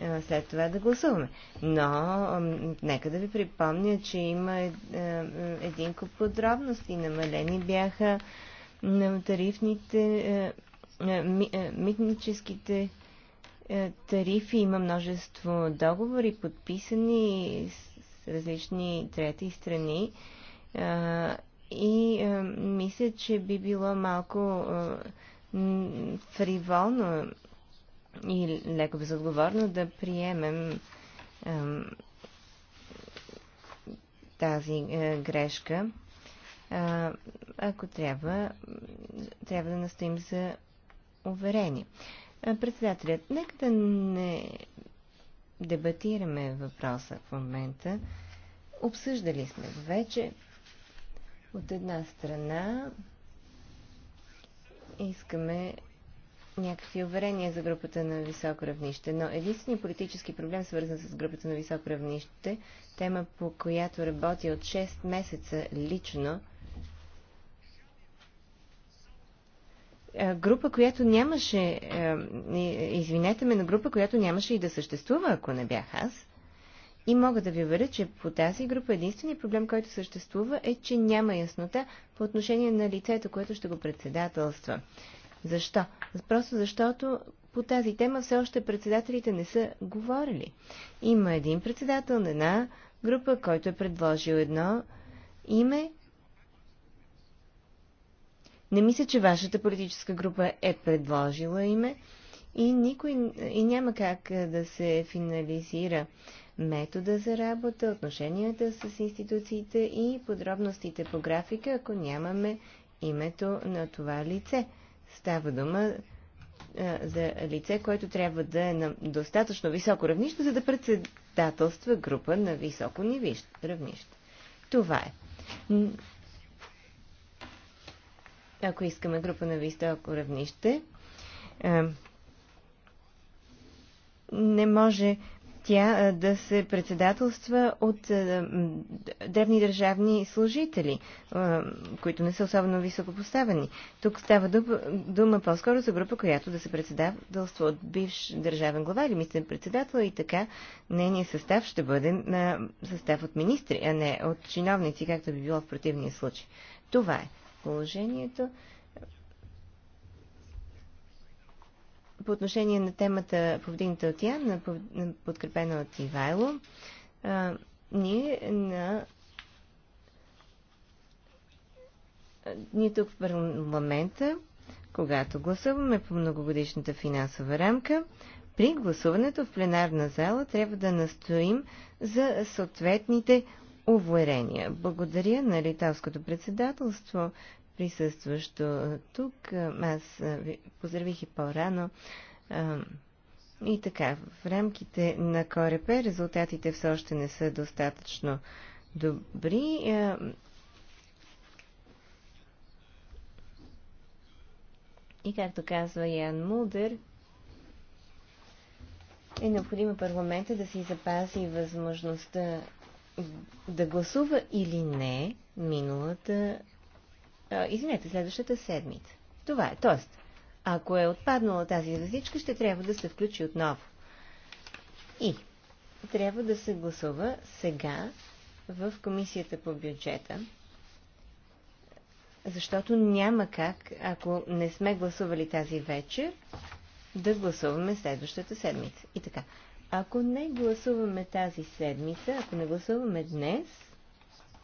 е, след това да гласуваме. Но нека да ви припомня, че има един куп подробности. Намалени бяха на тарифните, митническите тарифи. Има множество договори, подписани с различни трети страни и е, мисля, че би било малко е, фриволно и леко безотговорно да приемем е, тази е, грешка. Е, ако трябва, трябва да настоим за уверени. Е, председателят, нека да не дебатираме въпроса в момента. Обсъждали сме го вече. От една страна искаме някакви уверения за групата на високо равнище, но единственият политически проблем, свързан с групата на високо равнище, тема по която работи от 6 месеца лично, е, група, която нямаше, е, извинете ме, на група, която нямаше и да съществува, ако не бях аз. И мога да ви уверя, че по тази група единственият проблем, който съществува е, че няма яснота по отношение на лицето, което ще го председателства. Защо? Просто защото по тази тема все още председателите не са говорили. Има един председател на една група, който е предложил едно име. Не мисля, че вашата политическа група е предложила име и, никой, и няма как да се финализира метода за работа, отношенията с институциите и подробностите по графика, ако нямаме името на това лице. Става дума за лице, което трябва да е на достатъчно високо равнище, за да председателства група на високо равнище. Това е. Ако искаме група на високо равнище, не може тя да се председателства от древни държавни служители, които не са особено високо поставени. Тук става дума по-скоро за група, която да се председателства от бивш държавен глава или мислен председател и така нейният състав ще бъде на състав от министри, а не от чиновници, както би било в противния случай. Това е положението. по отношение на темата повдигната от Ян, подкрепена от Ивайло, а, ние на ние тук в парламента, когато гласуваме по многогодишната финансова рамка, при гласуването в пленарна зала трябва да настоим за съответните уверения. Благодаря на Литавското председателство присъстващо тук. Аз ви поздравих и по-рано. И така, в рамките на Корепе резултатите все още не са достатъчно добри. И както казва Ян Мудър, е необходимо парламента да си запази възможността да гласува или не миналата извинете, следващата седмица. Това е. Тоест, ако е отпаднала тази различка, ще трябва да се включи отново. И трябва да се гласува сега в комисията по бюджета, защото няма как, ако не сме гласували тази вечер, да гласуваме следващата седмица. И така, ако не гласуваме тази седмица, ако не гласуваме днес,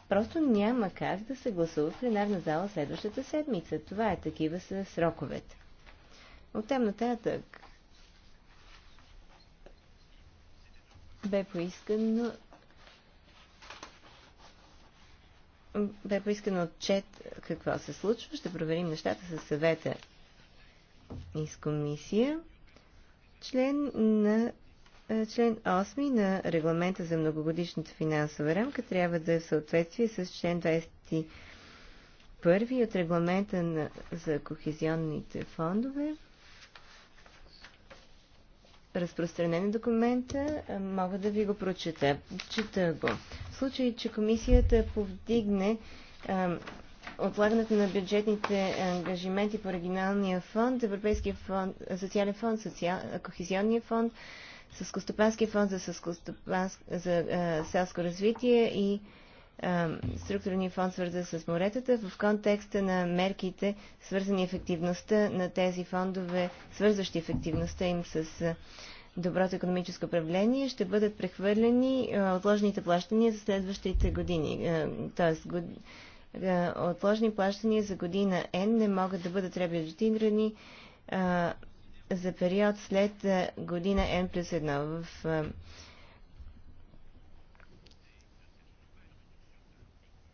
просто няма как да се гласува в пленарна зала следващата седмица. Това е такива са сроковете. Оттам нататък бе поискано бе поискано отчет какво се случва. Ще проверим нещата със съвета и с комисия. Член на е, член 8 на регламента за многогодишната финансова рамка трябва да е в съответствие с член 21 от регламента на, за кохезионните фондове. Разпространен е документа, е, мога да ви го прочета. Чета го. В случай, че комисията повдигне а, отлагането на бюджетните ангажименти по регионалния фонд, Европейския фонд, социален фонд, социал, кохезионния фонд, Съскостопанския фонд за, съскостопанск... за а, е, селско развитие и а, е, структурния фонд свързан с моретата в контекста на мерките, свързани ефективността на тези фондове, свързващи ефективността им с а, е, доброто економическо управление, ще бъдат прехвърлени отложените плащания за следващите години. Тоест, год... отложени плащания за година Н, не могат да бъдат ребюджетирани за период след година N плюс 1 в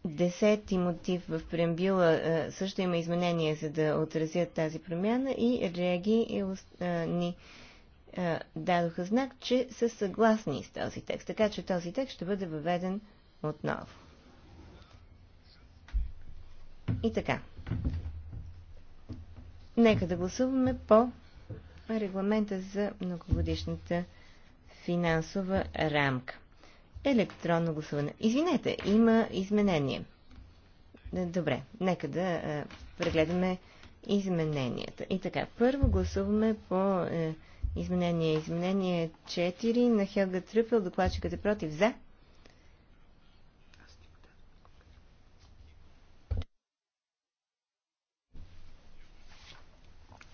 десети мотив в преамбюла също има изменения, за да отразят тази промяна и реаги и ни дадоха знак, че са съгласни с този текст. Така че този текст ще бъде въведен отново. И така. Нека да гласуваме по регламента за многогодишната финансова рамка. Електронно гласуване. Извинете, има изменение. Е, добре, нека да е, прегледаме измененията. И така, първо гласуваме по е, изменение. Изменение 4 на Хелга Трюфел, докладчикът е против за.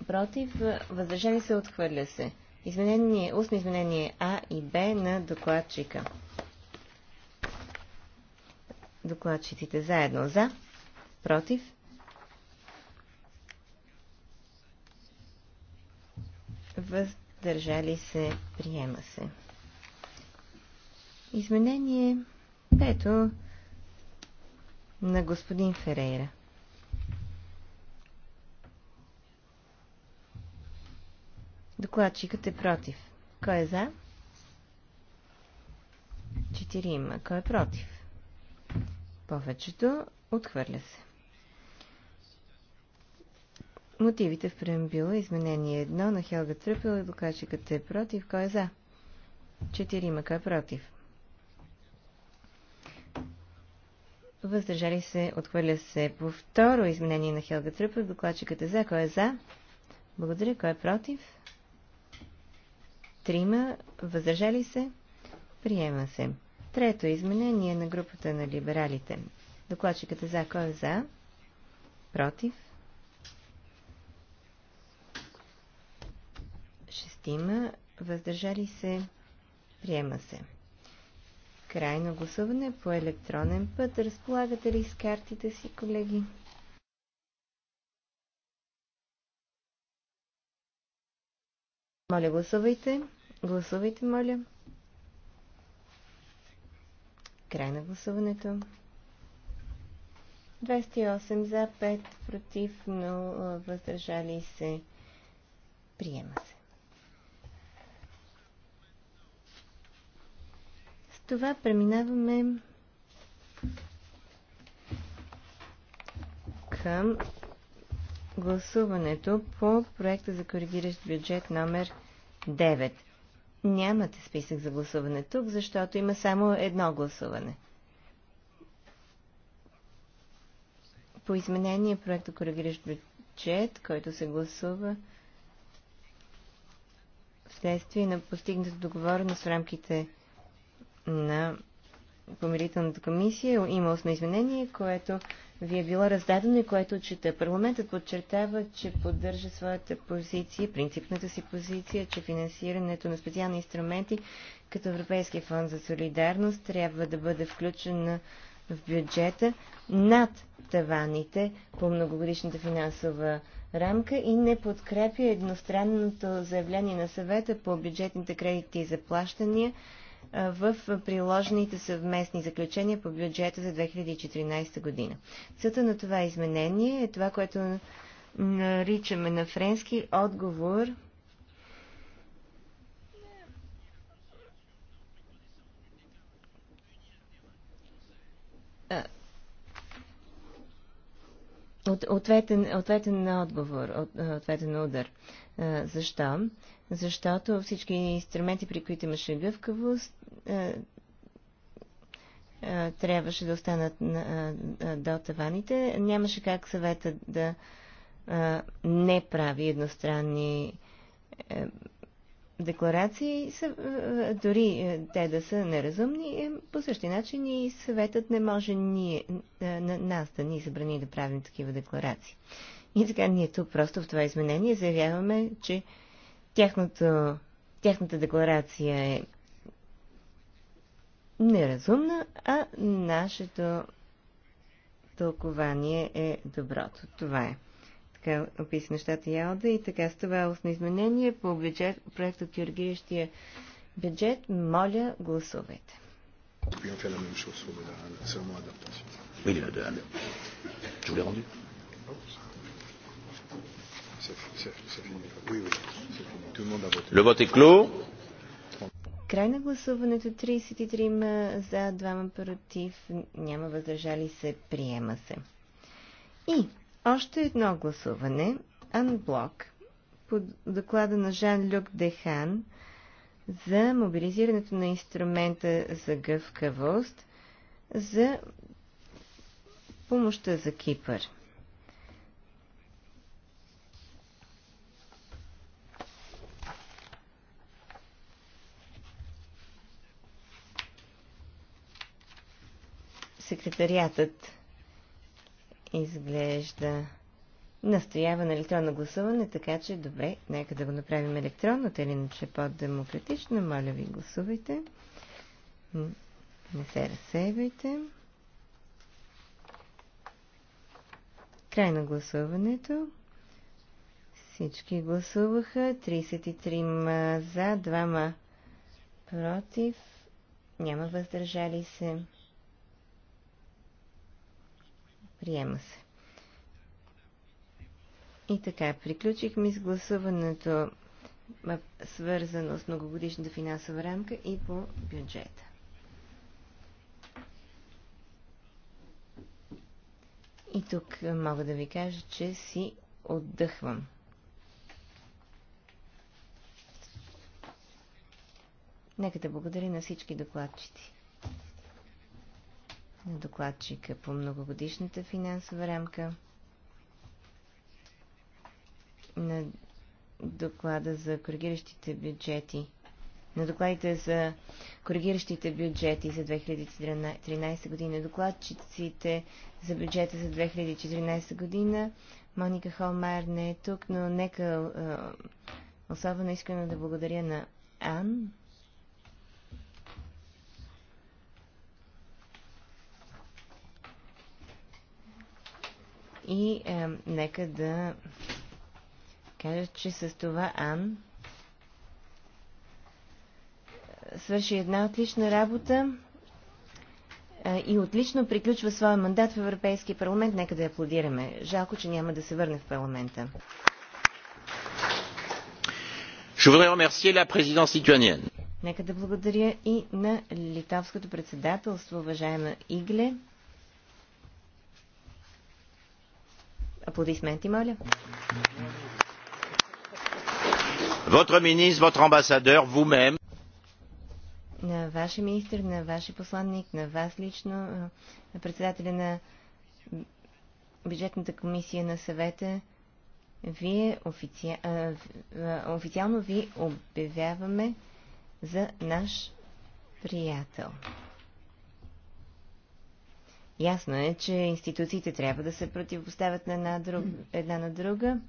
против, въздържали се, отхвърля се. Изменение, устно изменение А и Б на докладчика. Докладчиците заедно за, против. Въздържали се, приема се. Изменение пето на господин Ферейра. Докладчикът е против. Кой е за? Четири има, Кой е против? Повечето отхвърля се. Мотивите в преамбила. Изменение 1 на Хелга Тръпел. Докладчикът е против. Кой е за? Четири има, Кой е против? Въздържали се. Отхвърля се по второ изменение на Хелга Тръпел. Докладчикът е за. Кой е за? Благодаря. Кой е против? Трима. Въздържали се? Приема се. Трето изменение на групата на либералите. Докладчикът е за. Кой е за? Против? Шестима. Въздържали се? Приема се. Крайно гласуване по електронен път. Разполагате ли с картите си, колеги? Моля, гласувайте. Гласувайте, моля. Край на гласуването. 28 за 5 против, но въздържали се. Приема се. С това преминаваме към гласуването по проекта за коригиращ бюджет номер 9 нямате списък за гласуване тук, защото има само едно гласуване. По изменение проекта Коригираш бюджет, който се гласува вследствие на постигнато договореност в рамките на помирителната комисия има осмо изменение, което ви е било раздадено и което чета. Парламентът подчертава, че поддържа своята позиция, принципната си позиция, че финансирането на специални инструменти като Европейския фонд за солидарност трябва да бъде включено в бюджета над таваните по многогодишната финансова рамка и не подкрепя едностранното заявление на съвета по бюджетните кредити и заплащания, в приложените съвместни заключения по бюджета за 2014 година. Целта на това изменение е това, което наричаме на френски отговор от, ответен, ответен отговор, от, ответен удар. Защо? Защото всички инструменти, при които имаше гъвкавост, трябваше да останат до таваните. Нямаше как съвета да не прави едностранни е, декларации, е, е, дори е, те да са неразумни, по същия начин и съветът не може ние, на нас да ни забрани да правим такива декларации. И така ние тук просто в това изменение заявяваме, че тяхното, тяхната декларация е неразумна, а нашето тълкование е доброто. Това е така описа нещата Ялда. И така с това устно изменение по бюджет, от георгиящия бюджет, моля гласувайте. Край на гласуването 33 за, 2 ма против, няма въздържали се, приема се. И още едно гласуване, анблок, по доклада на Жан-Люк Дехан за мобилизирането на инструмента за гъвкавост за помощта за Кипър. Секретариатът изглежда настоява на електронно гласуване, така че добре, нека да го направим електронно, тъй иначе по-демократично. Моля ви, гласувайте. Не се разсейвайте. Край на гласуването. Всички гласуваха. 33 за, 2 против. Няма въздържали се. Приема се. И така, приключихме с гласуването свързано с многогодишната финансова рамка и по бюджета. И тук мога да ви кажа, че си отдъхвам. Нека да благодаря на всички докладчици на докладчика по многогодишната финансова рамка, на доклада за коригиращите бюджети, на докладите за коригиращите бюджети за 2013 година, докладчиците за бюджета за 2014 година. Моника Холмайер не е тук, но нека особено искрено да благодаря на Ан И е, нека да кажа, че с това Ан е, свърши една отлична работа е, и отлично приключва своя мандат в Европейския парламент. Нека да я аплодираме. Жалко, че няма да се върне в парламента. Je voudrais remercier la présidence lituanienne. Нека да благодаря и на литовското председателство, уважаема Игле. Аплодисменти, моля. Votre ministre, votre ambassadeur, vous-même. На вашия министр, на ваше посланник, на вас лично, на председателя на бюджетната комисия на съвета, вие офици... официално ви обявяваме за наш приятел. Ясно е, че институциите трябва да се противопоставят на една, друг, една на друга.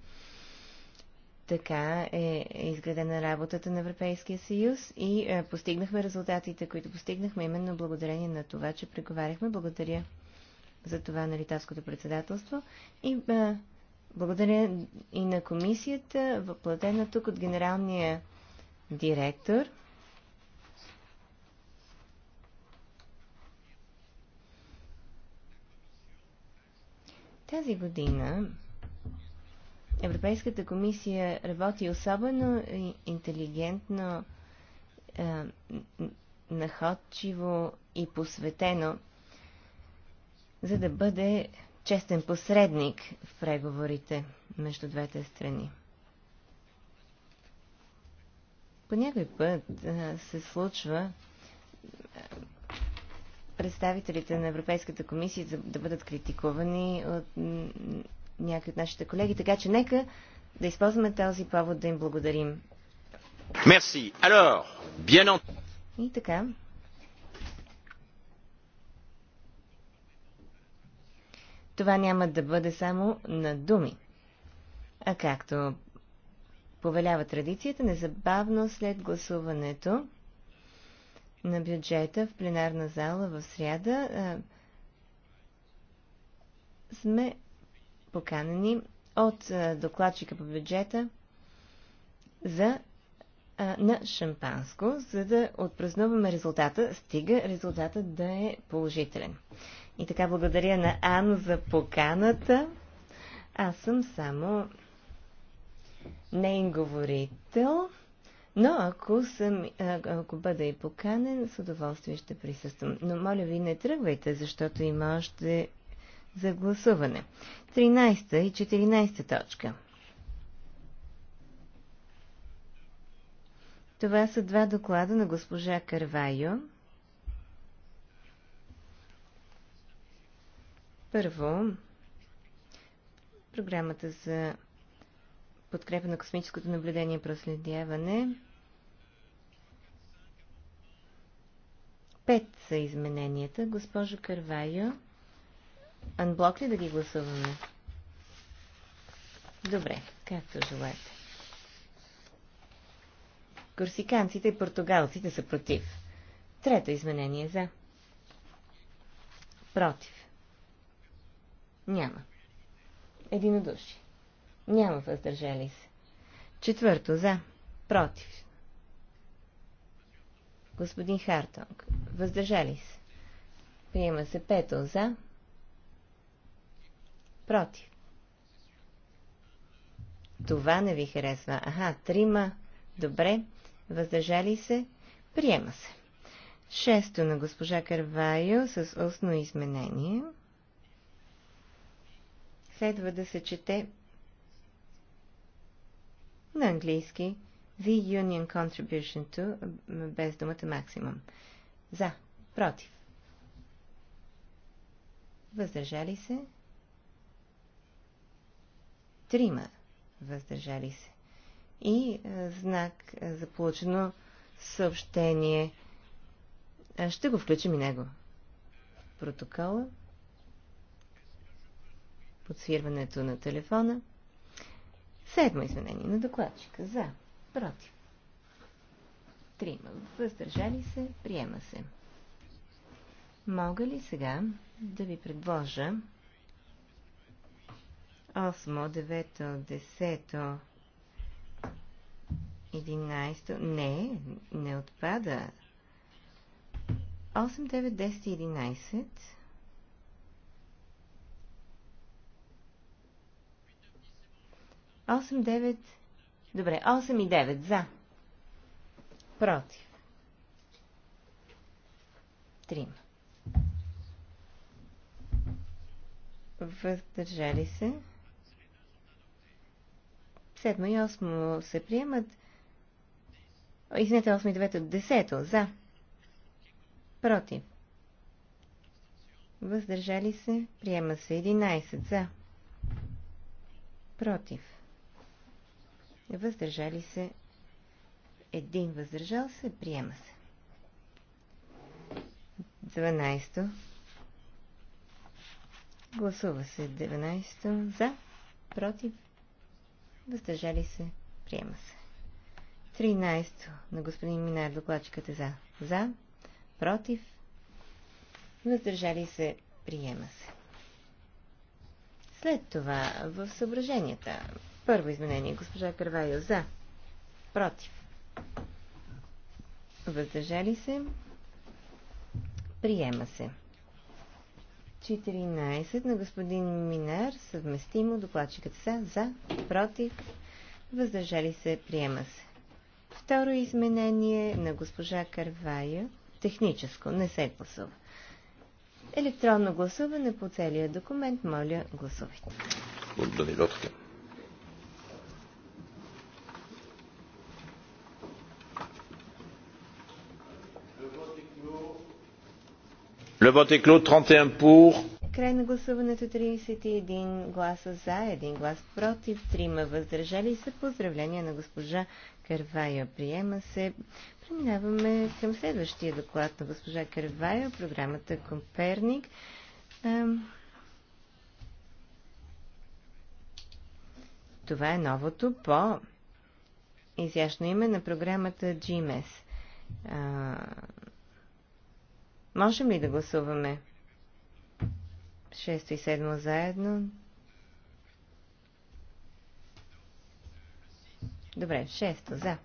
Така е изградена работата на Европейския съюз и е, постигнахме резултатите, които постигнахме именно благодарение на това, че преговаряхме. Благодаря за това на литавското председателство и е, благодаря и на комисията, въплатена тук от генералния директор. Тази година Европейската комисия работи особено интелигентно, е, находчиво и посветено, за да бъде честен посредник в преговорите между двете страни. По някой път е, се случва представителите на Европейската комисия да, да бъдат критикувани от някои от нашите колеги. Така че нека да използваме този повод да им благодарим. Merci. Alors, bien И така. Това няма да бъде само на думи. А както повелява традицията, незабавно след гласуването на бюджета в пленарна зала в сряда сме поканени от докладчика по бюджета за, а, на шампанско, за да отпразнуваме резултата, стига резултатът да е положителен. И така благодаря на Ан за поканата. Аз съм само нейн говорител. Но ако, съм, ако бъда и поканен, с удоволствие ще присъствам. Но моля ви, не тръгвайте, защото има още за гласуване. 13 и 14 точка. Това са два доклада на госпожа Карвайо. Първо, програмата за подкрепа на космическото наблюдение и проследяване. Пет са измененията. Госпожо Карвайо, анблок ли да ги гласуваме? Добре, както желаете. Корсиканците и португалците са против. Трето изменение е за. Против. Няма. Единодушие. Няма въздържали се. Четвърто за. Против. Господин Хартонг. Въздържали се. Приема се пето за. Против. Това не ви харесва. Аха, трима. Добре. Въздържали се. Приема се. Шесто на госпожа Карвайо с устно изменение. Следва да се чете на английски The Union Contribution to, без думата максимум. За, против. Въздържали се. Трима въздържали се. И а, е, знак а, за получено съобщение. А, е, ще го включим и него. Протокола. Подсвирването на телефона. Седмо изменение на докладчика. За. Против. Трима. Въздържали се. Приема се. Мога ли сега да ви предложа 8, 9, 10, 11, не, не отпада. 8, 9, 10, 11, 8, 9. Добре, 8 и 9 за. Против. 3. Въздържали се. 7 и 8 се приемат. Извинете, 8 и 9 от 10 за. Против. Въздържали се. Приема се 11 за. Против въздържали се, един въздържал се, приема се. 12. Гласува се 19 за, против, въздържали се, приема се. 13. На господин Минар докладчиката е за. За, против, въздържали се, приема се. След това в съображенията първо изменение. Госпожа Карвайо за. Против. Въздържали се. Приема се. 14 на господин Минар. Съвместимо. Докладчикът са за. Против. Въздържали се. Приема се. Второ изменение на госпожа Карвайо. Техническо. Не се гласува. Електронно гласуване по целия документ. Моля, гласувайте. Благодаря. Le vote est clos, 31 pour. Край на гласуването 31 гласа за, 1 глас против, 3 въздържали са. Поздравления на госпожа Карвая. Приема се. Преминаваме към следващия доклад на госпожа Карвая, програмата Комперник. Това е новото по изящно име на програмата GMS. Можем ли да гласуваме 6 и 7 заедно? Добре, 6 за.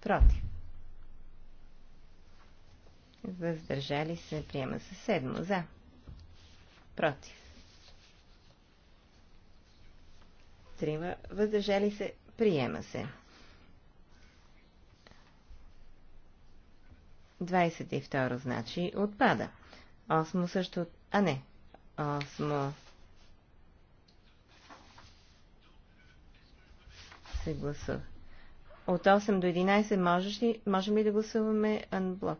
Против. Въздържали се, приема се 7 за. Против. Трима. Въздържали се, приема се. 22 значи отпада. 8 също... А не. 8 се гласува. От 8 до 11 можеш ли, можем ли да гласуваме анблок?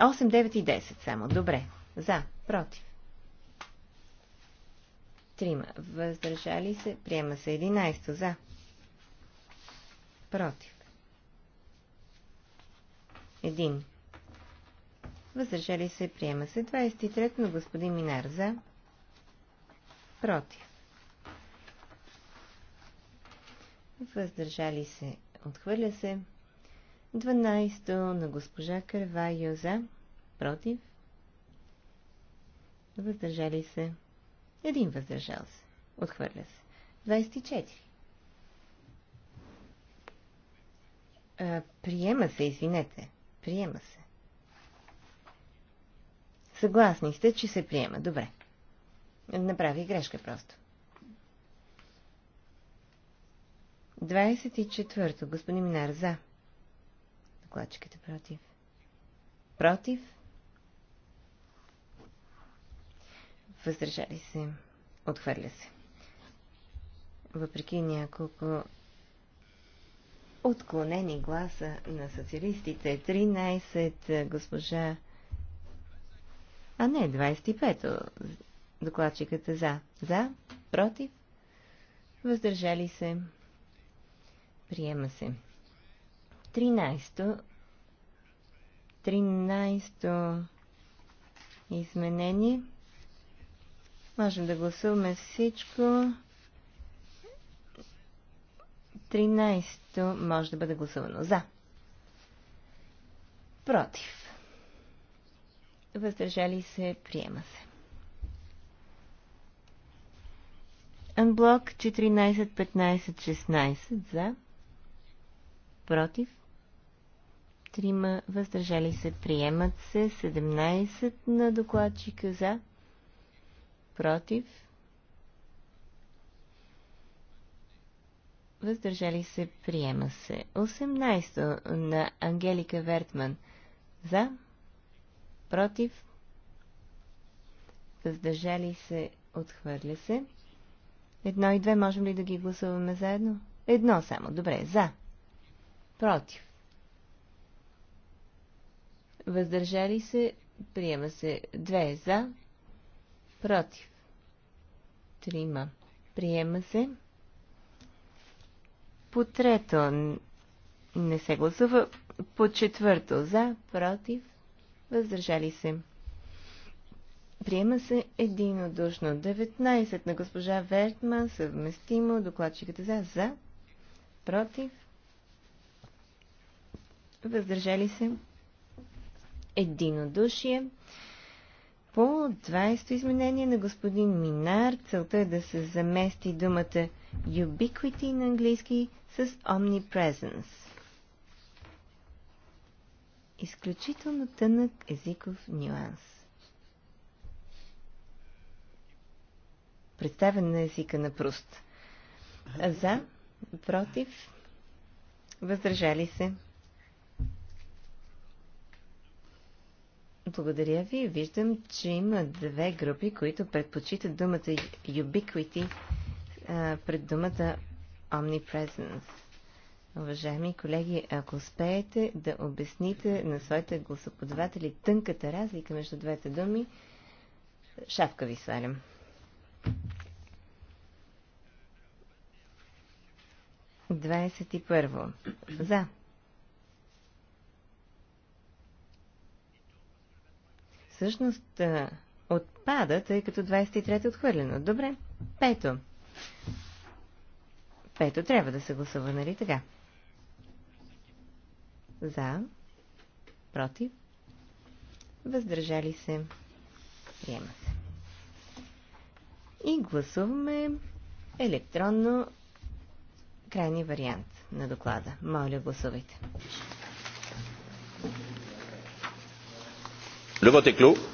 8, 9 и 10 само. Добре. За. Против. Трима. Въздържали се. Приема се 11 за. Против. 1. Въздържали се, приема се. 23 на господин Минар за. Против. Въздържали се, отхвърля се. 12 на госпожа Карвайо за. Против. Въздържали се. Един въздържал се. Отхвърля се. 24. А, приема се, извинете. Приема се. Съгласни сте, че се приема. Добре. Направи грешка просто. 24-то. Господин Минар за. Докладчиката е против. Против. Въздържали се. Отхвърля се. Въпреки няколко отклонени гласа на социалистите. 13 е, госпожа... А не, 25 то е за. За, против, въздържали се. Приема се. 13 13 изменение. Можем да гласуваме всичко. 13 може да бъде гласувано за. Против. Въздържали се, приема се. Анблок 14, 15, 16 за. Против. Трима въздържали се, приемат се. 17 на докладчика за. Против въздържали се, приема се. 18 на Ангелика Вертман. За, против, въздържали се, отхвърля се. Едно и две можем ли да ги гласуваме заедно? Едно само. Добре. За. Против. Въздържали се. Приема се. Две. За. Против. Трима. Приема се. По трето не се гласува. По четвърто за, против, въздържали се. Приема се единодушно. 19 на госпожа Вертман, съвместимо, докладчиката за, за, против, въздържали се. Единодушие. По 20-то изменение на господин Минар, целта е да се замести думата ubiquity на английски с Omnipresence. Изключително тънък езиков нюанс. Представен на езика на Пруст. За, против, въздържали се. Благодаря ви. Виждам, че има две групи, които предпочитат думата ubiquity пред думата omnipresence. Уважаеми колеги, ако успеете да обясните на своите гласоподаватели тънката разлика между двете думи, шапка ви свалям. Двадесет и първо. За. Всъщност отпада, тъй като 23 е отхвърлено. Добре. Пето. Пето трябва да се гласува, нали така? За. Против. Въздържали се. Приема се. И гласуваме електронно крайния вариант на доклада. Моля, гласувайте. Le vote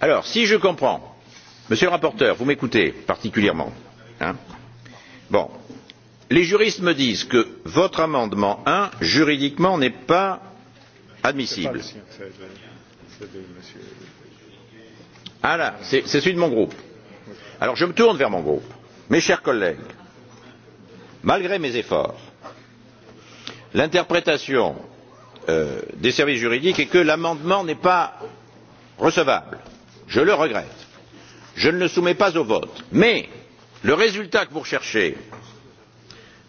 alors si je comprends monsieur le rapporteur vous m'écoutez particulièrement les juristes me disent que votre amendement un juridiquement n'est pas admissible. c'est celui de mon groupe. alors je me tourne vers mon groupe. mes chers collègues malgré mes efforts l'interprétation des services juridiques est que l'amendement n'est pas recevable je le regrette je ne le soumets pas au vote mais le résultat que vous recherchez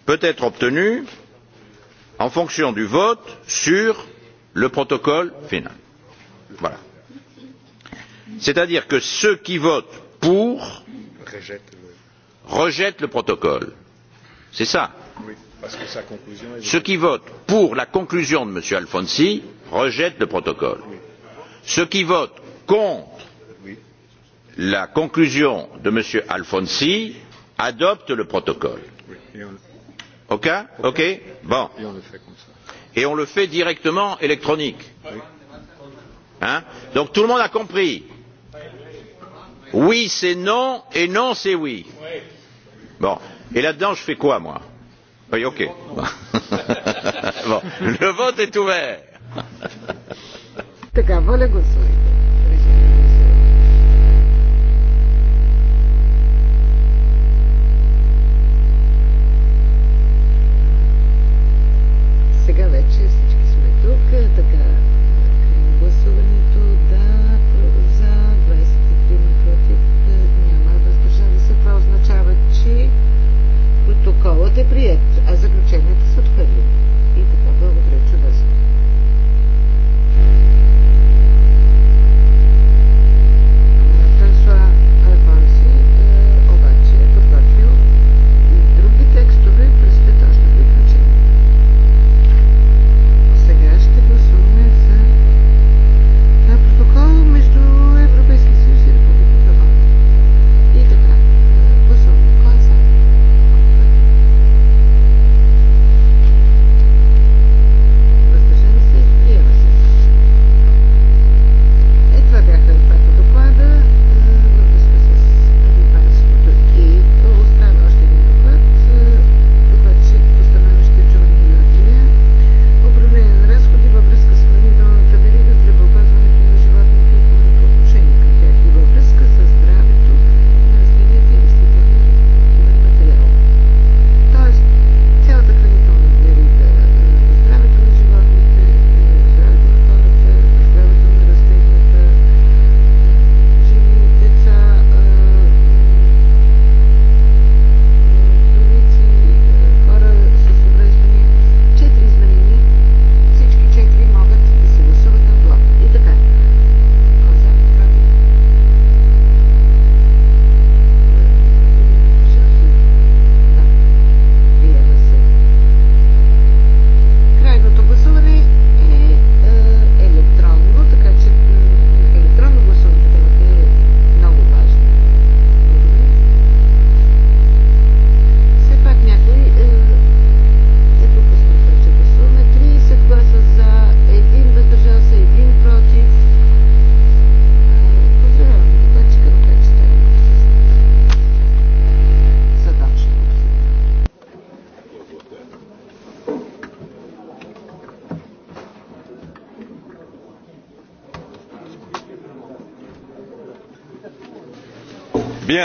peut être obtenu en fonction du vote sur le protocole final. Voilà. c'est à dire que ceux qui votent pour rejettent le protocole. c'est cela. ceux qui votent pour la conclusion de m. alfonsi rejettent le protocole ceux qui votent contre la conclusion de m. alfonsi adoptent le protocole et on le fait directement électronique. donc tout le monde a compris oui c'est non et non c'est oui. bon et là dedans je fais quoi moi? oui ok. le vote est ouvert. Така, воля гласувайте.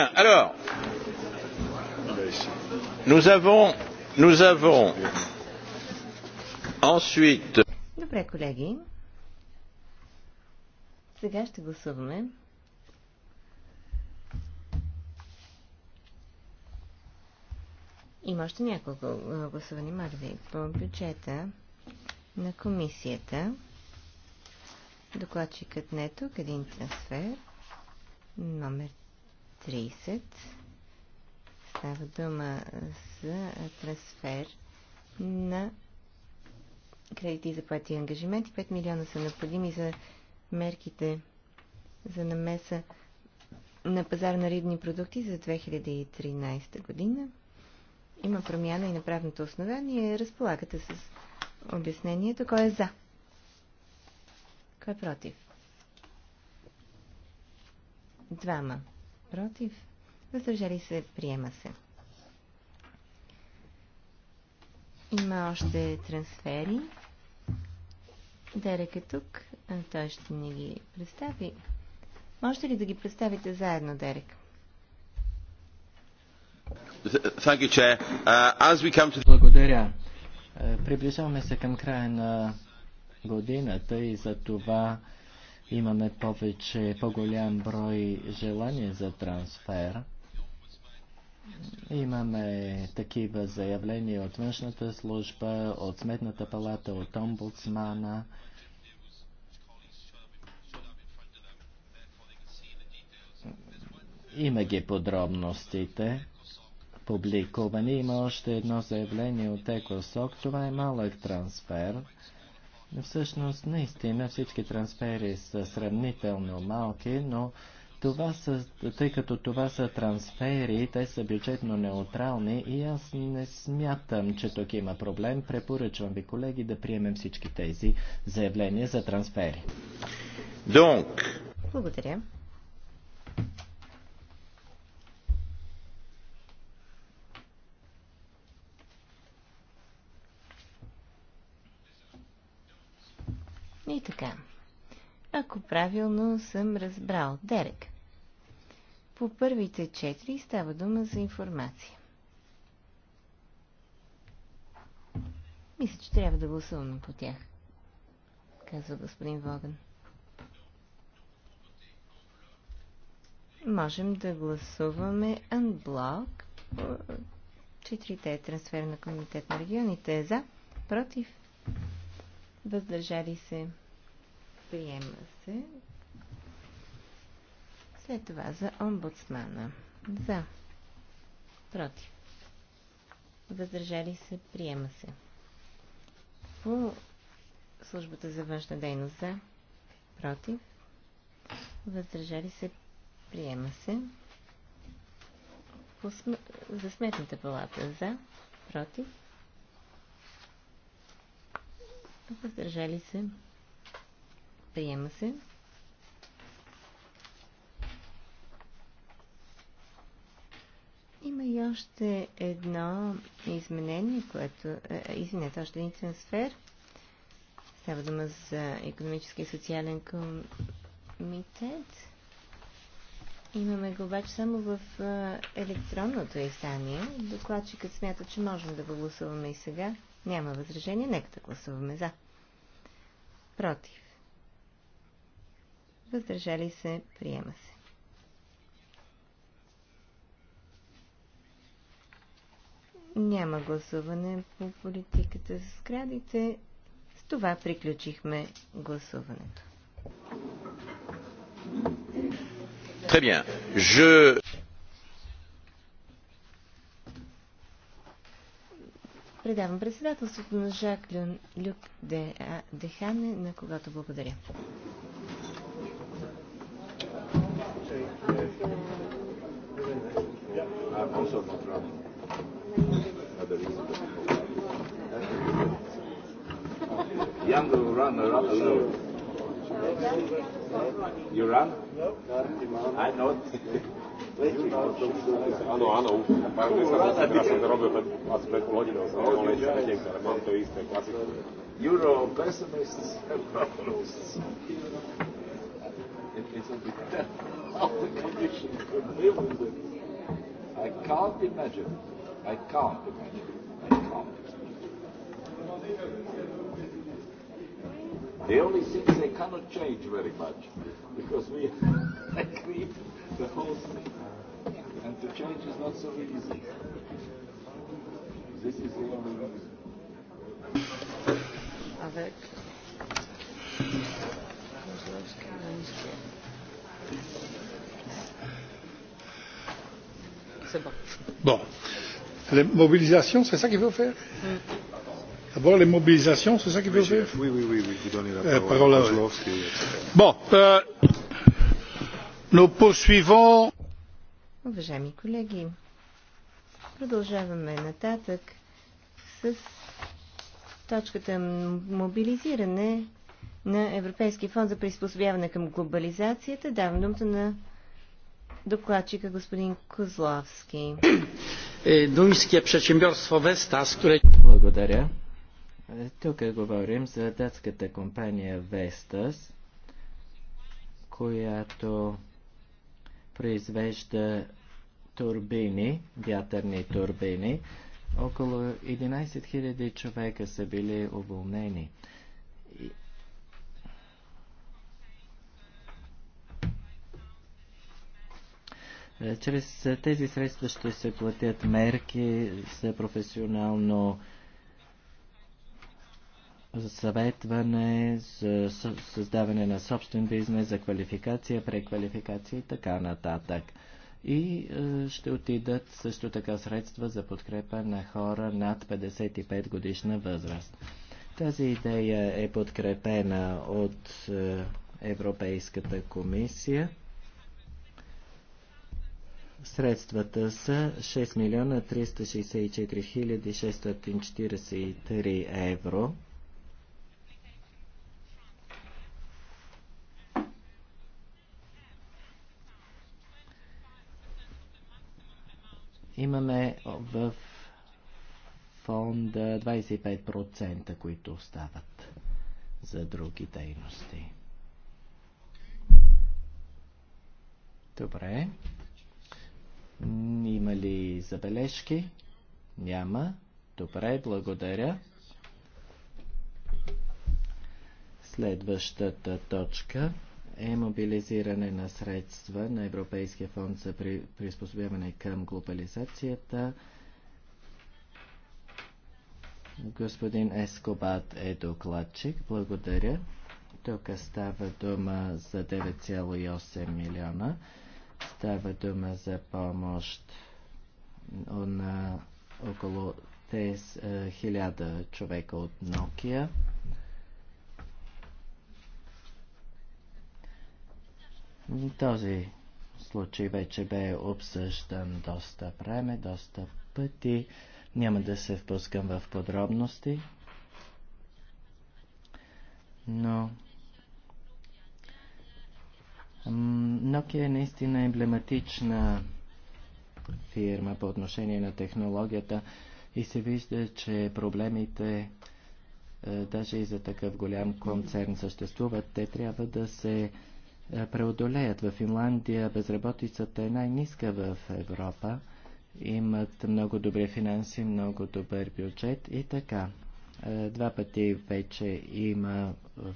Bien, alors, nous avons, nous avons ensuite. Добре, колеги. Сега ще гласуваме. Има още няколко гласувани мърви по бюджета на комисията. Докладчикът не е тук. Един трансфер. Номер 30 става дума за трансфер на кредити за плати и ангажименти. 5 милиона са необходими за мерките за намеса на пазар на рибни продукти за 2013 година. Има промяна и на правното основание. Разполагате с обяснението. Кой е за? Кой е против? Двама против, въздържали се, приема се. Има още трансфери. Дерек е тук. Той ще ни ги представи. Можете ли да ги представите заедно, Дерек? Uh, Благодаря. Е, приближаваме се към края на годината и за това имаме повече, по-голям брой желания за трансфер. Имаме такива заявления от външната служба, от Сметната палата, от омбудсмана. Има ги подробностите публикувани. Има още едно заявление от Екосок. Това е малък трансфер. Всъщност, наистина всички трансфери са сравнително малки, но това са, тъй като това са трансфери, те са бюджетно неутрални и аз не смятам, че тук има проблем. Препоръчвам ви, колеги, да приемем всички тези заявления за трансфери. Donc. Благодаря. И така. Ако правилно съм разбрал, Дерек. По първите четири става дума за информация. Мисля, че трябва да гласувам по тях, казва господин Воган. Можем да гласуваме Unblock. четирите трансфер на комитет на регионите. За, против, въздържали се, Приема се. След това за омбудсмана. За. Против. Въздържали се. Приема се. По службата за външна дейност. За. Против. Въздържали се. Приема се. По см... За сметната палата. За. Против. Въздържали се. Приема се. Има и още едно изменение, което... Е, е, извинете, още един трансфер. Става дума за економически и социален комитет. Имаме го обаче само в е, електронното издание. Докладчикът смята, че можем да го гласуваме и сега. Няма възражение. Нека да гласуваме за. Против въздържали се, приема се. Няма гласуване по политиката за сградите. С това приключихме гласуването. Très bien. Je... Предавам председателството на Жак Люк Дехане, на когато благодаря. sommer will run around alone. You run? No. I not. Áno, áno, pár sa zase teraz som to robil pred asi pred pol hodinou, som to ale mám to isté, klasické. Euro pessimists have problems. It is a bit of the condition I can't imagine. I can't imagine. I can't. The only thing they cannot change very much because we agree the whole thing. And to change is not so easy. This is the only reason. Bon. Les mobilisations, c'est ça qu'il faut faire D'abord les mobilisations, c'est ça qu'il faut faire Oui, oui, oui, oui, vous donnez la parole. à Bon, euh, nous poursuivons. Уважаеми колеги, продължаваме нататък с точката мобилизиране на Европейския фонд за приспособяване към глобализацията. Давам думата на докладчика господин Козловски. Е, Дуйския предприемство Vestas, które... Благодаря. Е, тук говорим за датската компания Vestas, която произвежда турбини, вятърни турбини. Около 11 000 човека са били уволнени. Е, чрез е, тези средства ще се платят мерки за професионално съветване, за създаване на собствен бизнес, за квалификация, преквалификация и така нататък. И е, ще отидат също така средства за подкрепа на хора над 55 годишна възраст. Тази идея е подкрепена от Европейската комисия Средствата са 6 милиона 364 хиляди 643 евро. Имаме в фонда 25%, които остават за други дейности. Добре. Има ли забележки? Няма. Добре, благодаря. Следващата точка е мобилизиране на средства на Европейския фонд за приспособяване към глобализацията. Господин Ескобат е докладчик. Благодаря. Тук става дума за 9,8 милиона. Става дума за помощ на около 1000 е, човека от Nokia. Този случай вече бе обсъждан доста време, доста пъти. Няма да се впускам в подробности, но Nokia е наистина емблематична фирма по отношение на технологията и се вижда, че проблемите е, даже и за такъв голям концерн съществуват. Те трябва да се е, преодолеят. В Финландия безработицата е най-ниска в Европа. Имат много добри финанси, много добър бюджет и така. Два пъти вече има в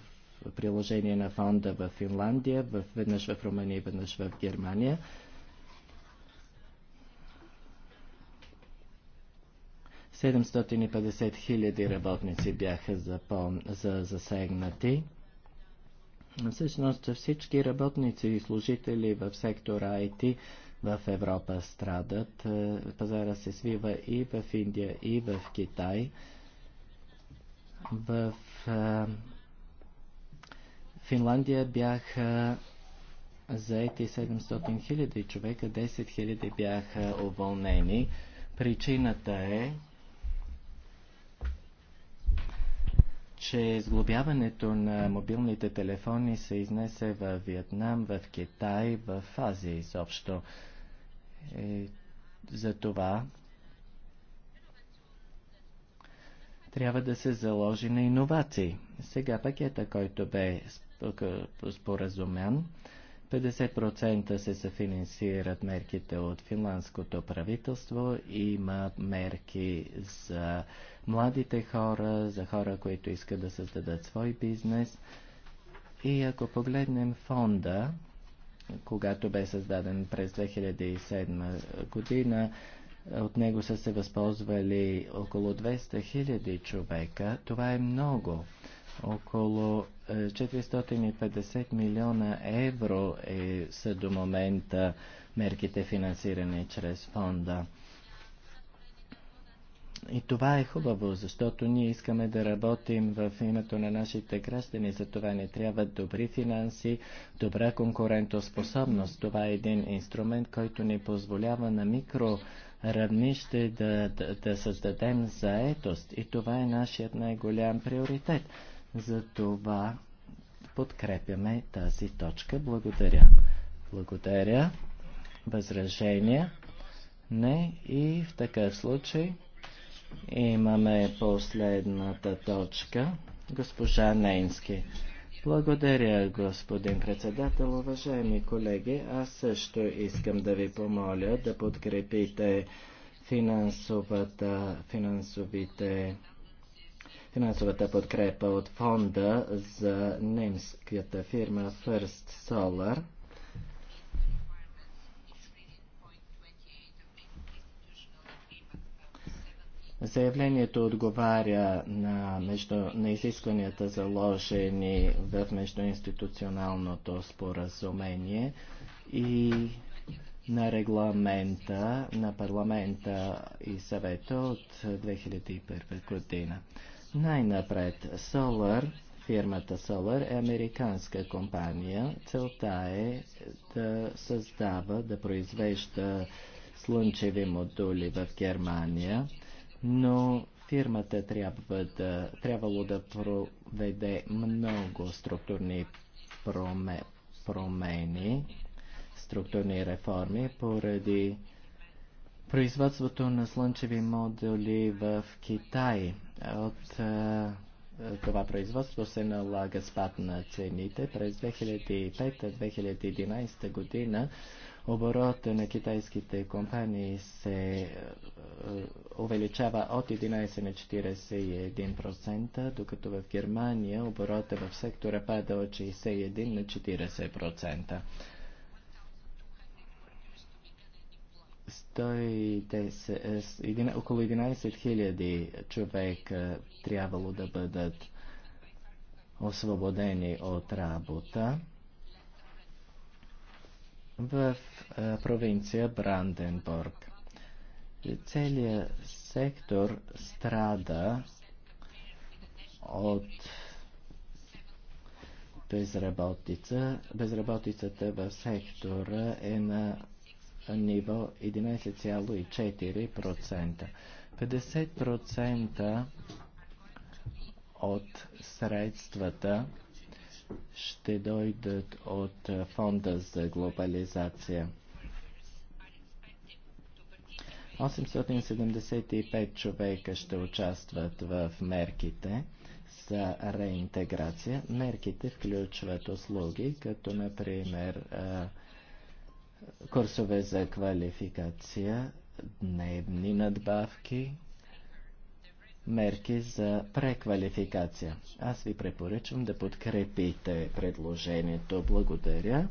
приложение на фонда в Финландия, в, веднъж в Румъния и веднъж в Германия. Седемстотин хиляди работници бяха за, за засегнати. Всъщност всички работници и служители в сектора IT в Европа страдат. Е, пазара се свива и в Индия, и в Китай. В е, Финландия бяха заети 700 хиляди човека, 10 хиляди бяха уволнени. Причината е, че сглобяването на мобилните телефони се изнесе в Виетнам, в Китай, в Азия изобщо. Е, за това трябва да се заложи на иновации. Сега пакета, който бе споразумен, 50% се съфинансират мерките от финландското правителство. Има мерки за младите хора, за хора, които искат да създадат свой бизнес. И ако погледнем фонда, когато бе създаден през 2007 година, от него са се възползвали около 200 000 човека. Това е много. Около 450 е, милиона евро е, са до момента мерките финансирани чрез фонда. И това е хубаво, защото ние искаме да работим в името на нашите граждани. За това ни трябват добри финанси, добра конкурентоспособност. Това е един инструмент, който ни позволява на микро равнище да, да, да създадем заетост. И това е нашият най-голям приоритет. За това подкрепяме тази точка. Благодаря. Благодаря. Възражения? Не. И в такъв случай имаме последната точка. Госпожа Нейнски. Благодаря, господин председател. Уважаеми колеги, аз също искам да ви помоля да подкрепите финансовата, финансовите, финансовата подкрепа от фонда за немската фирма First Solar – Заявлението отговаря на, между, на изискванията заложени в междуинституционалното споразумение и на регламента на парламента и съвета от 2001 година. Най-напред Solar, фирмата Solar е американска компания. Целта е да създава, да произвежда слънчеви модули в Германия но фирмата трябва да, трябвало да проведе много структурни проме, промени, структурни реформи поради производството на слънчеви модули в Китай. От а, това производство се налага спад на цените. През 2005-2011 година Оборот на китайските компании се е, увеличава от 11 на 41%, докато в Германия оборота в сектора пада от 61 на 40%. Е, около 11 000 човека трябвало да бъдат освободени от работа. В провинция Бранденбург. Целият сектор страда от безработица. Безработицата в сектора е на ниво 11,4%. 50% от средствата ще дойдат от фонда за глобализация. 875 човека ще участват в мерките за реинтеграция. Мерките включват услуги, като например курсове за квалификация, дневни надбавки, мерки за преквалификация. Аз ви препоръчвам да подкрепите предложението. Благодаря.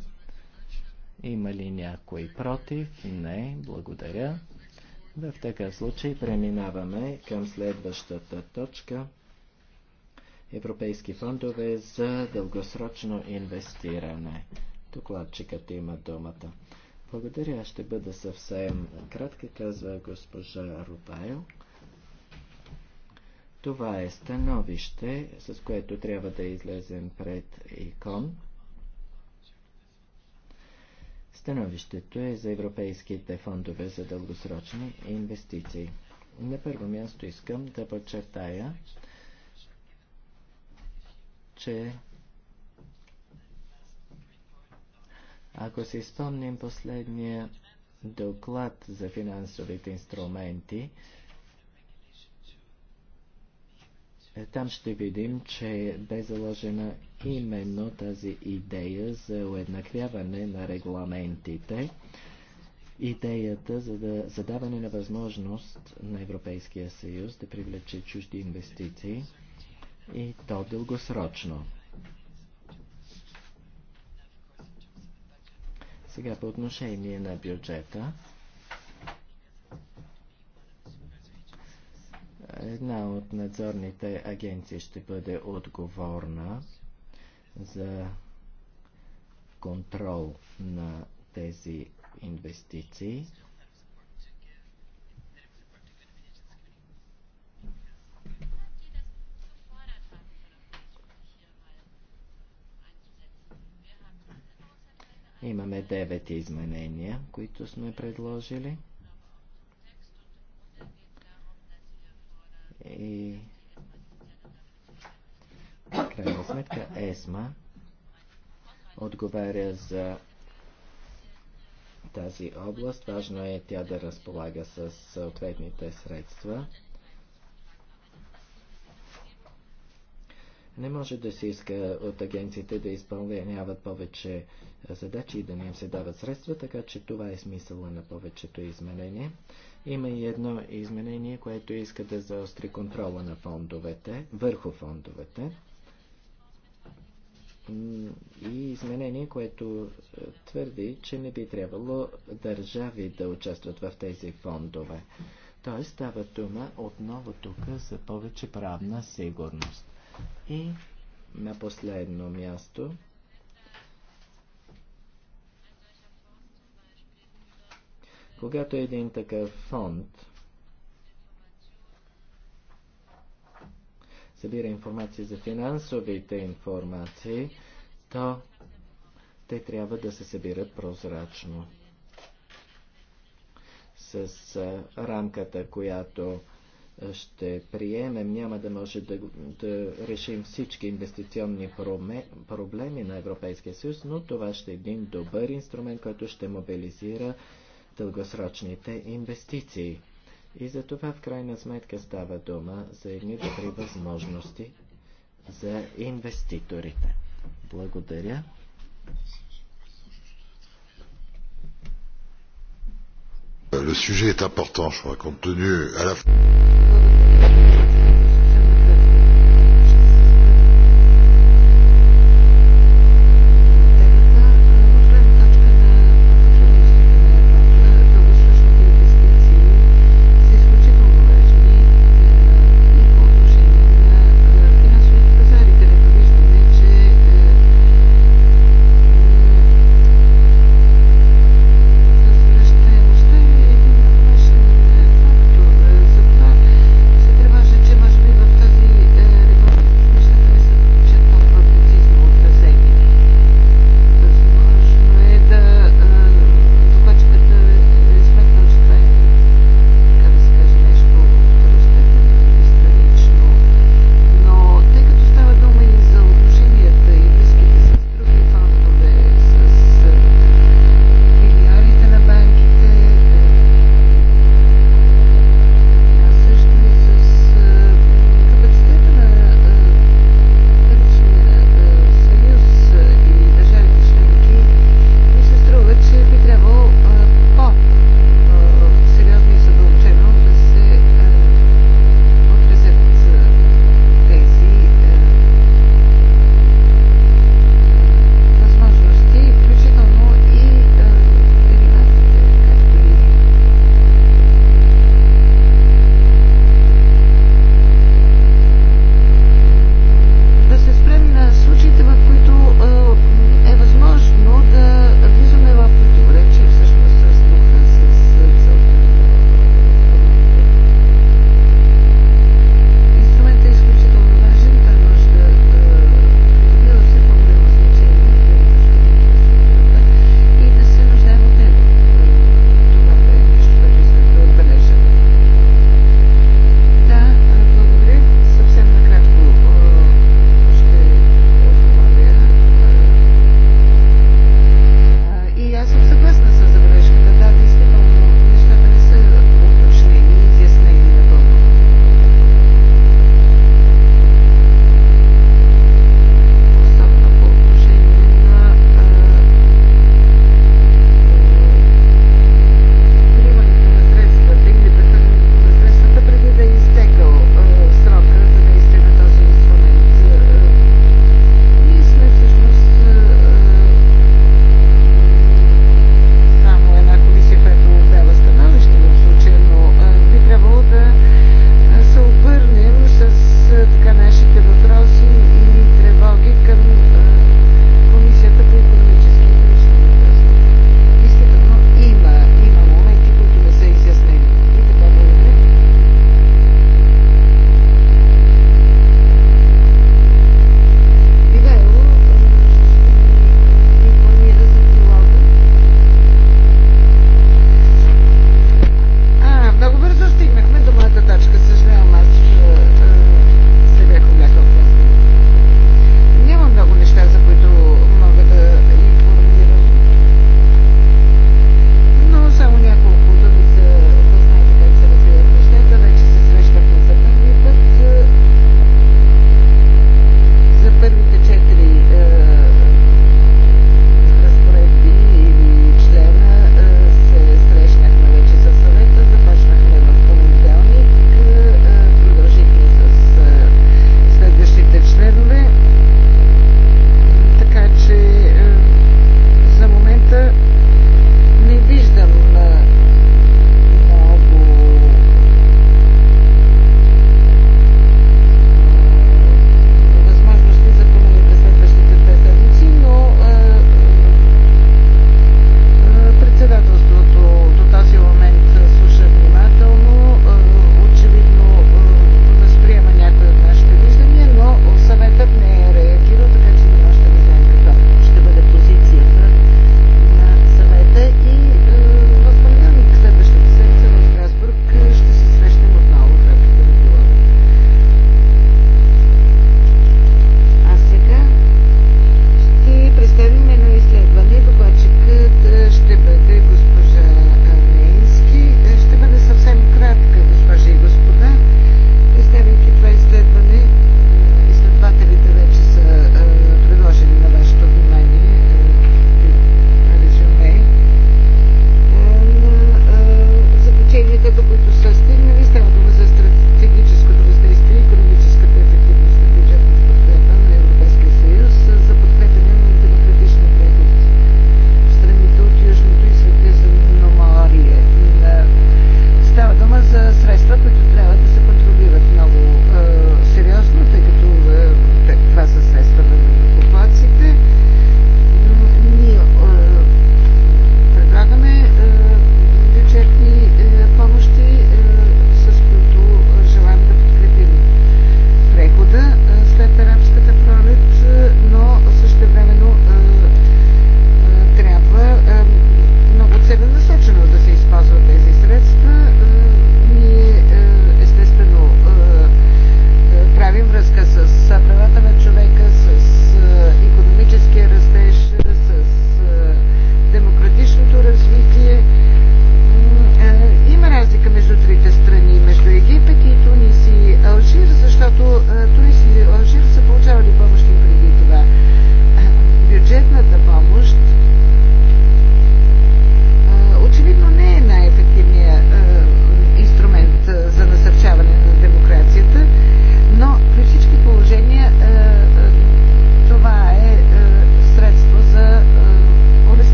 Има ли някой против? Не, благодаря. В такъв случай преминаваме към следващата точка. Европейски фондове за дългосрочно инвестиране. Докладчикът има думата. Благодаря, ще бъда съвсем кратка, казва госпожа Рубайл. Това е становище, с което трябва да излезем пред икон. Становището е за европейските фондове за дългосрочни инвестиции. На първо място искам да подчертая, че ако си спомним последния доклад за финансовите инструменти, Е, там ще видим, че бе заложена именно тази идея за уеднаквяване на регламентите, идеята за, да, задаване на възможност на Европейския съюз да привлече чужди инвестиции и то дългосрочно. Сега по отношение на бюджета. една от надзорните агенции ще бъде отговорна за контрол на тези инвестиции. Имаме девет изменения, които сме предложили. И в крайна сметка ЕСМА отговаря за тази област. Важно е тя да разполага с съответните средства. Не може да се иска от агенциите да изпълняват повече задачи и да не им се дават средства, така че това е смисъла на повечето изменения. Има и едно изменение, което иска да заостри контрола на фондовете, върху фондовете. И изменение, което е, твърди, че не би трябвало държави да участват в тези фондове. Тоест става дума отново тук за повече правна сигурност. И на последно място Когато е един такъв фонд събира информация за финансовите информации, то те трябва да се събират прозрачно. С рамката, която ще приемем, няма да може да, да решим всички инвестиционни проблеми на Европейския съюз, но това ще е един добър инструмент, който ще мобилизира дългосрочните инвестиции. И за това в крайна сметка става дума за едни добри възможности за инвеститорите. Благодаря. Le sujet est important, je crois, compte tenu à la fois.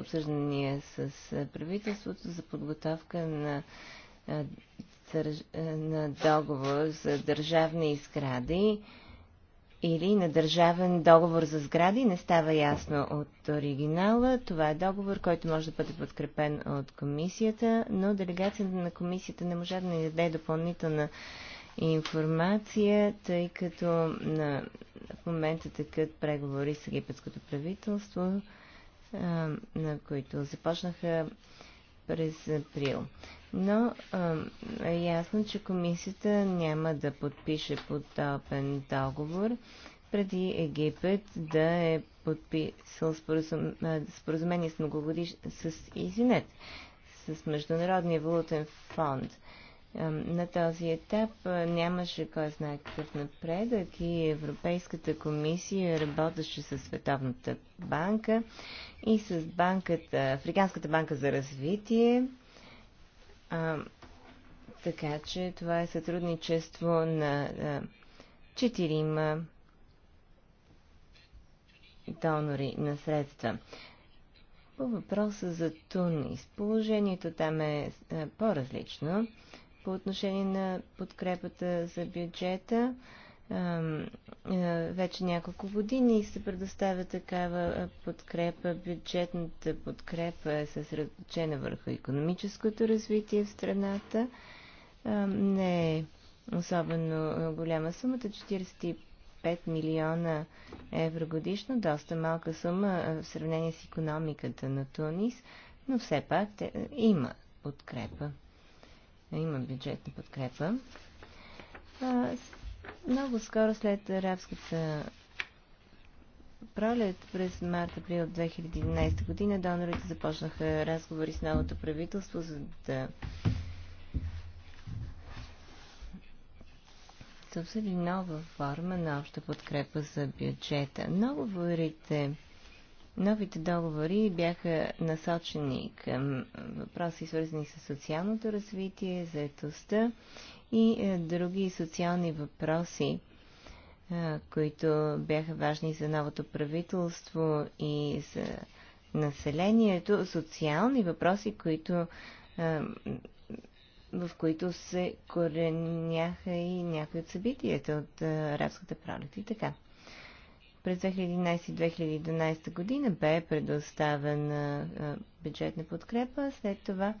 обсъждания с правителството за подготовка на, на договор за държавни сгради или на държавен договор за сгради. Не става ясно от оригинала. Това е договор, който може да бъде подкрепен от комисията, но делегацията на комисията не може да ни даде допълнителна информация, тъй като на, в момента такът преговори с египетското правителство на които започнаха през април. Но е ясно, че комисията няма да подпише подобен договор преди Египет да е подписал споразумение с многогодиш... с, извинет, с Международния валутен фонд. На този етап нямаше кой знае какъв напредък и Европейската комисия работеше с Световната банка и с банката, Африканската банка за развитие. А, така че това е сътрудничество на четирима донори на средства. По въпроса за Тунис, положението там е по-различно по отношение на подкрепата за бюджета. А, вече няколко години се предоставя такава подкрепа. Бюджетната подкрепа е съсредоточена върху економическото развитие в страната. Не е особено голяма сумата 45 милиона евро годишно, доста малка сума в сравнение с економиката на Тунис, но все пак има подкрепа. Има бюджетна подкрепа. Много скоро след арабската пролет през март-април 2011 година донорите започнаха разговори с новото правителство, за да се обсъди нова форма на обща подкрепа за бюджета. Новоговорите, новите договори бяха насочени към въпроси, свързани с социалното развитие, заетостта и е, други социални въпроси, е, които бяха важни за новото правителство и за населението, социални въпроси, които, е, в които се кореняха и някои от събитията от арабската пролет и така. През 2011-2012 година бе предоставена бюджетна подкрепа, след това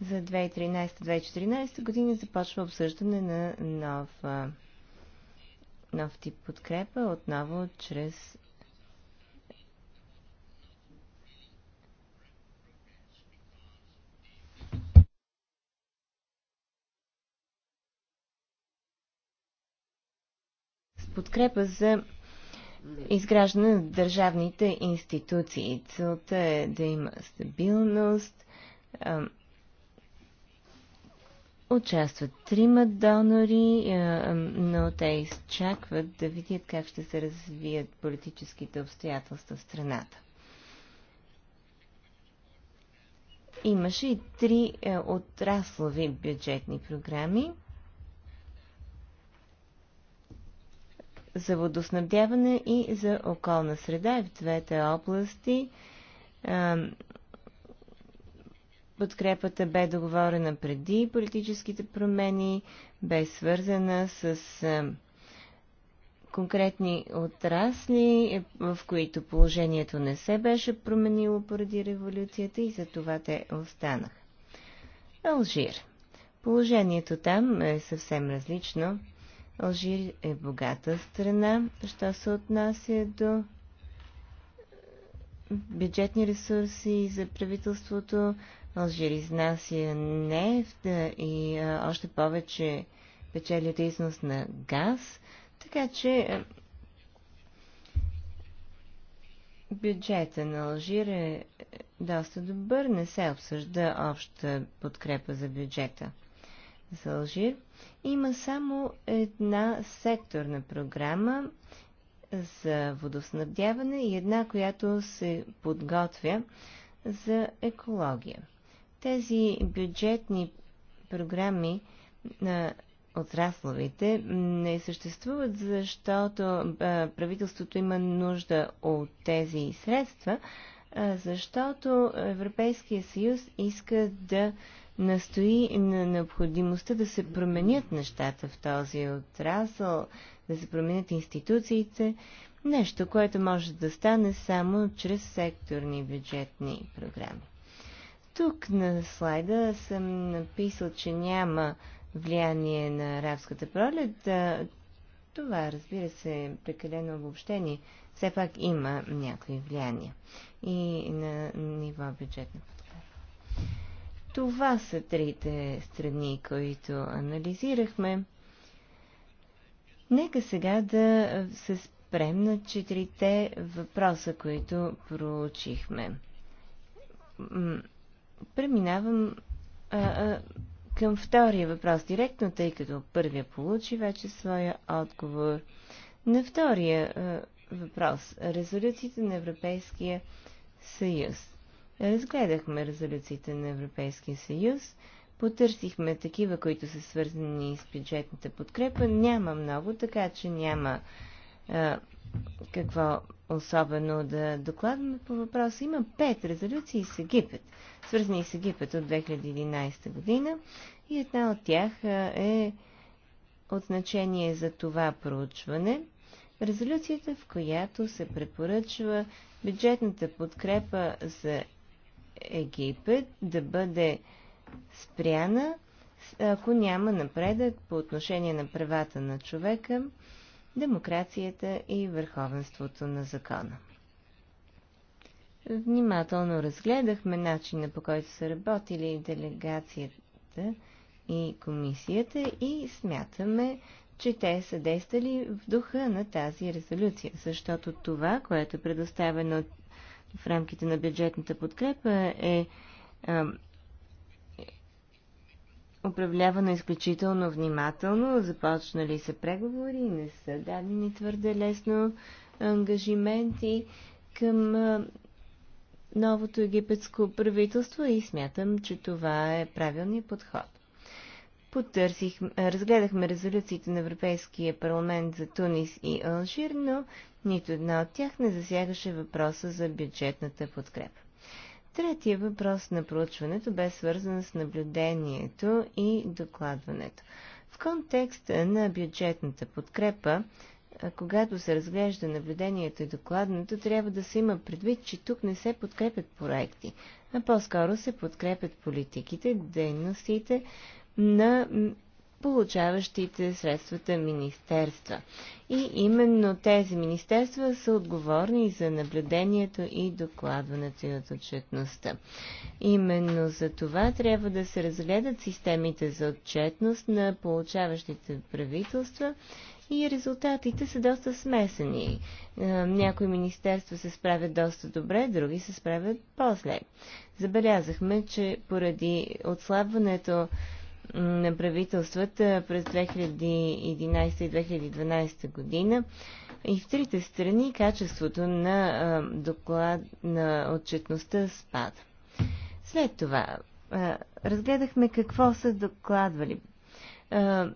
за 2013-2014 година започва обсъждане на нов, нов тип подкрепа, отново чрез подкрепа за изграждане на държавните институции. Целта е да има стабилност, Участват трима донори, е, но те изчакват да видят как ще се развият политическите обстоятелства в страната. Имаше и три е, отраслови бюджетни програми за водоснабдяване и за околна среда. В двете области е, подкрепата бе договорена преди политическите промени, бе свързана с конкретни отрасли, в които положението не се беше променило поради революцията и за това те останаха. Алжир. Положението там е съвсем различно. Алжир е богата страна, що се отнася до бюджетни ресурси за правителството, Алжир изнася нефт и а, още повече печелят износ на газ. Така че бюджета на Алжир е, е доста добър. Не се обсъжда обща подкрепа за бюджета за Алжир. Има само една секторна програма за водоснабдяване и една, която се подготвя за екология. Тези бюджетни програми на отрасловите не съществуват, защото правителството има нужда от тези средства, защото Европейския съюз иска да настои на необходимостта да се променят нещата в този отрасъл, да се променят институциите, нещо, което може да стане само чрез секторни бюджетни програми. Тук на слайда съм написал, че няма влияние на арабската пролет. Това, разбира се, е прекалено обобщение. Все пак има някои влияния и на ниво бюджетна подкрепа. Това са трите страни, които анализирахме. Нека сега да се спрем на четирите въпроса, които проучихме. Преминавам а, а, към втория въпрос директно, тъй като първия получи вече своя отговор. На втория а, въпрос. Резолюциите на Европейския съюз. Разгледахме резолюциите на Европейския съюз. Потърсихме такива, които са свързани с бюджетната подкрепа. Няма много, така че няма а, какво особено да докладваме по въпроса. Има пет резолюции с Египет, свързани с Египет от 2011 година и една от тях е от значение за това проучване. Резолюцията, в която се препоръчва бюджетната подкрепа за Египет да бъде спряна, ако няма напредък по отношение на правата на човека демокрацията и върховенството на закона. Внимателно разгледахме начина по който са работили делегацията и комисията и смятаме, че те са действали в духа на тази резолюция, защото това, което е предоставено в рамките на бюджетната подкрепа е управлявано изключително внимателно. Започнали са преговори, не са дадени твърде лесно ангажименти към новото египетско правителство и смятам, че това е правилният подход. Потърсих, разгледахме резолюциите на Европейския парламент за Тунис и Алжир, но нито една от тях не засягаше въпроса за бюджетната подкрепа. Третия въпрос на проучването бе свързан с наблюдението и докладването. В контекста на бюджетната подкрепа, когато се разглежда наблюдението и докладното, трябва да се има предвид, че тук не се подкрепят проекти, а по-скоро се подкрепят политиките, дейностите на получаващите средствата министерства. И именно тези министерства са отговорни за наблюдението и докладването и от отчетността. Именно за това трябва да се разгледат системите за отчетност на получаващите правителства и резултатите са доста смесени. Е, някои министерства се справят доста добре, други се справят по по-зле. Забелязахме, че поради отслабването на правителствата през 2011 и 2012 година. И в трите страни качеството на доклад на отчетността спада. След това разгледахме какво са докладвали.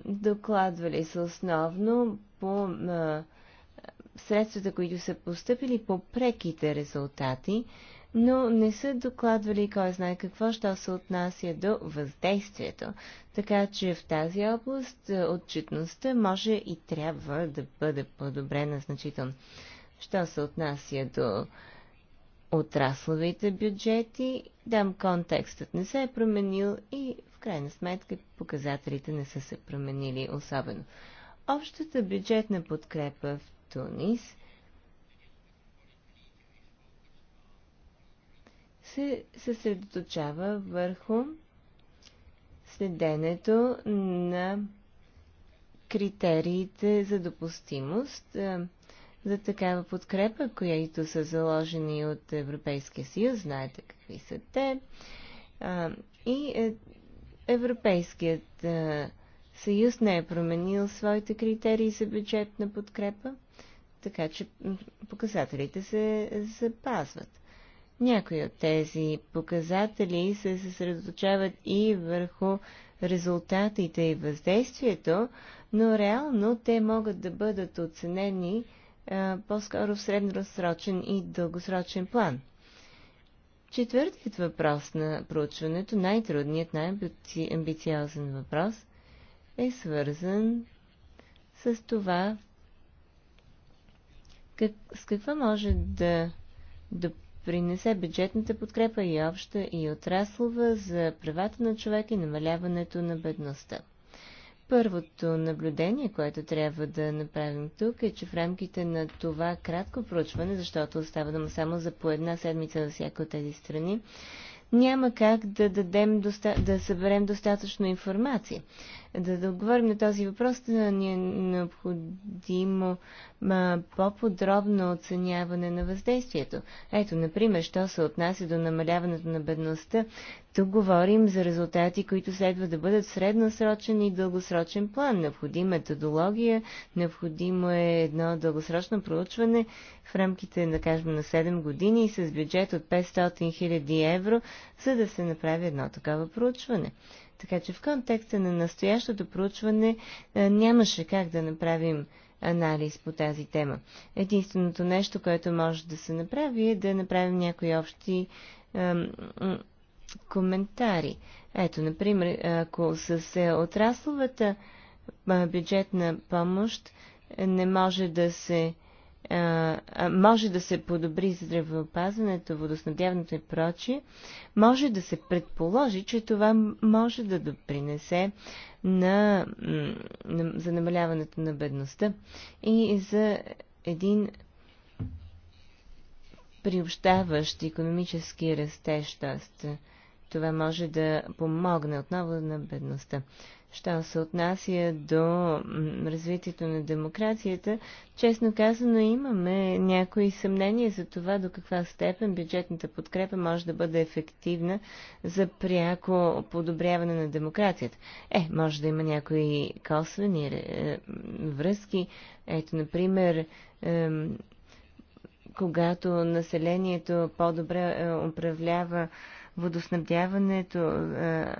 Докладвали са основно по средствата, които са поступили по преките резултати, но не са докладвали кой знае какво, що се отнася до въздействието. Така че в тази област е, отчетността може и трябва да бъде подобрена значително. Що се отнася до отрасловите бюджети, дам контекстът не се е променил и в крайна сметка показателите не са се променили особено. Общата бюджетна подкрепа в Тунис – се съсредоточава върху следенето на критериите за допустимост за такава подкрепа, които са заложени от Европейския съюз, знаете какви са те. И е, Европейският съюз не е променил своите критерии за бюджетна подкрепа, така че показателите се запазват. Някои от тези показатели се съсредоточават и върху резултатите и въздействието, но реално те могат да бъдат оценени по-скоро в средносрочен и дългосрочен план. Четвъртият въпрос на проучването, най-трудният, най-амбициозен въпрос, е свързан с това как, с какво може да да Принесе бюджетната подкрепа и обща и отраслова за правата на човек и намаляването на бедността. Първото наблюдение, което трябва да направим тук е, че в рамките на това кратко проучване, защото остава дума само за по една седмица на всяка от тези страни, няма как да, дадем доста... да съберем достатъчно информация да, да отговорим на този въпрос, да ни е необходимо по-подробно оценяване на въздействието. Ето, например, що се отнася до намаляването на бедността, тук говорим за резултати, които следва да бъдат средносрочен и дългосрочен план. Необходима е методология, необходимо е едно дългосрочно проучване в рамките, да кажем, на 7 години и с бюджет от 500 000 евро, за да се направи едно такова проучване. Така че в контекста на настоящото проучване нямаше как да направим анализ по тази тема. Единственото нещо, което може да се направи е да направим някои общи коментари. Ето, например, ако с е, отрасловата бюджетна помощ е, не може да се може да се подобри здравеопазването, водоснабдяването и прочие, може да се предположи, че това може да допринесе на, на, за намаляването на бедността и за един приобщаващ економически растеж, т.е. това може да помогне отново на бедността що се отнася до развитието на демокрацията, честно казано имаме някои съмнения за това до каква степен бюджетната подкрепа може да бъде ефективна за пряко подобряване на демокрацията. Е, може да има някои косвени е, връзки. Ето, например, е, когато населението по-добре е, управлява е, водоснабдяването, е,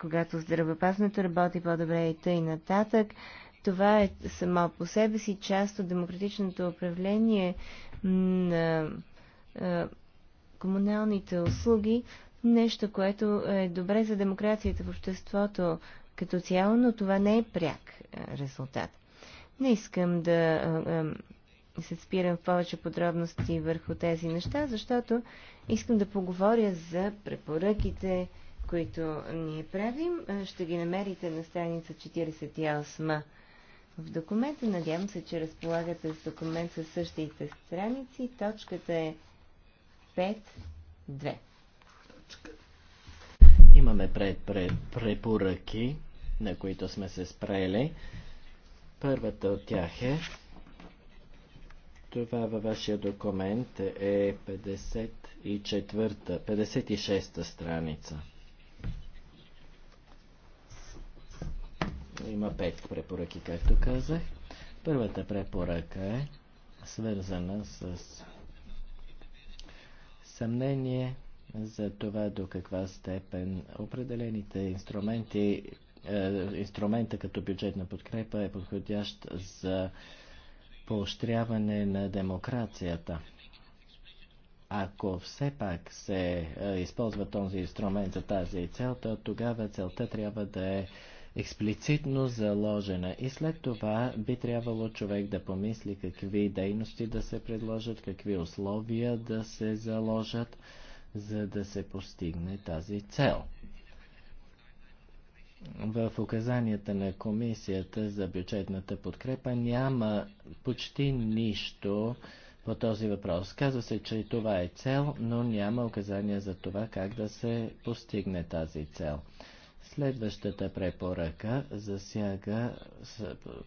когато здравеопазването работи по-добре и тъй нататък. Това е само по себе си част от демократичното управление на е, комуналните услуги, нещо, което е добре за демокрацията в обществото като цяло, но това не е пряк е, резултат. Не искам да се спирам в повече подробности върху тези неща, защото искам да поговоря за препоръките, които ние правим. Ще ги намерите на страница 48 в документа. Надявам се, че разполагате с документ със същите страници. Точката е 5.2. Имаме пред, пред, препоръки, на които сме се спрели. Първата от тях е това във вашия документ е 54-та, 56-та страница. Има пет препоръки, както казах. Първата препоръка е свързана с съмнение за това до каква степен определените инструменти, е, инструмента като бюджетна подкрепа е подходящ за поощряване на демокрацията. Ако все пак се е, използва този инструмент за тази цел, то тогава целта трябва да е експлицитно заложена и след това би трябвало човек да помисли какви дейности да се предложат, какви условия да се заложат, за да се постигне тази цел в указанията на комисията за бюджетната подкрепа няма почти нищо по този въпрос. Казва се, че това е цел, но няма указания за това как да се постигне тази цел. Следващата препоръка засяга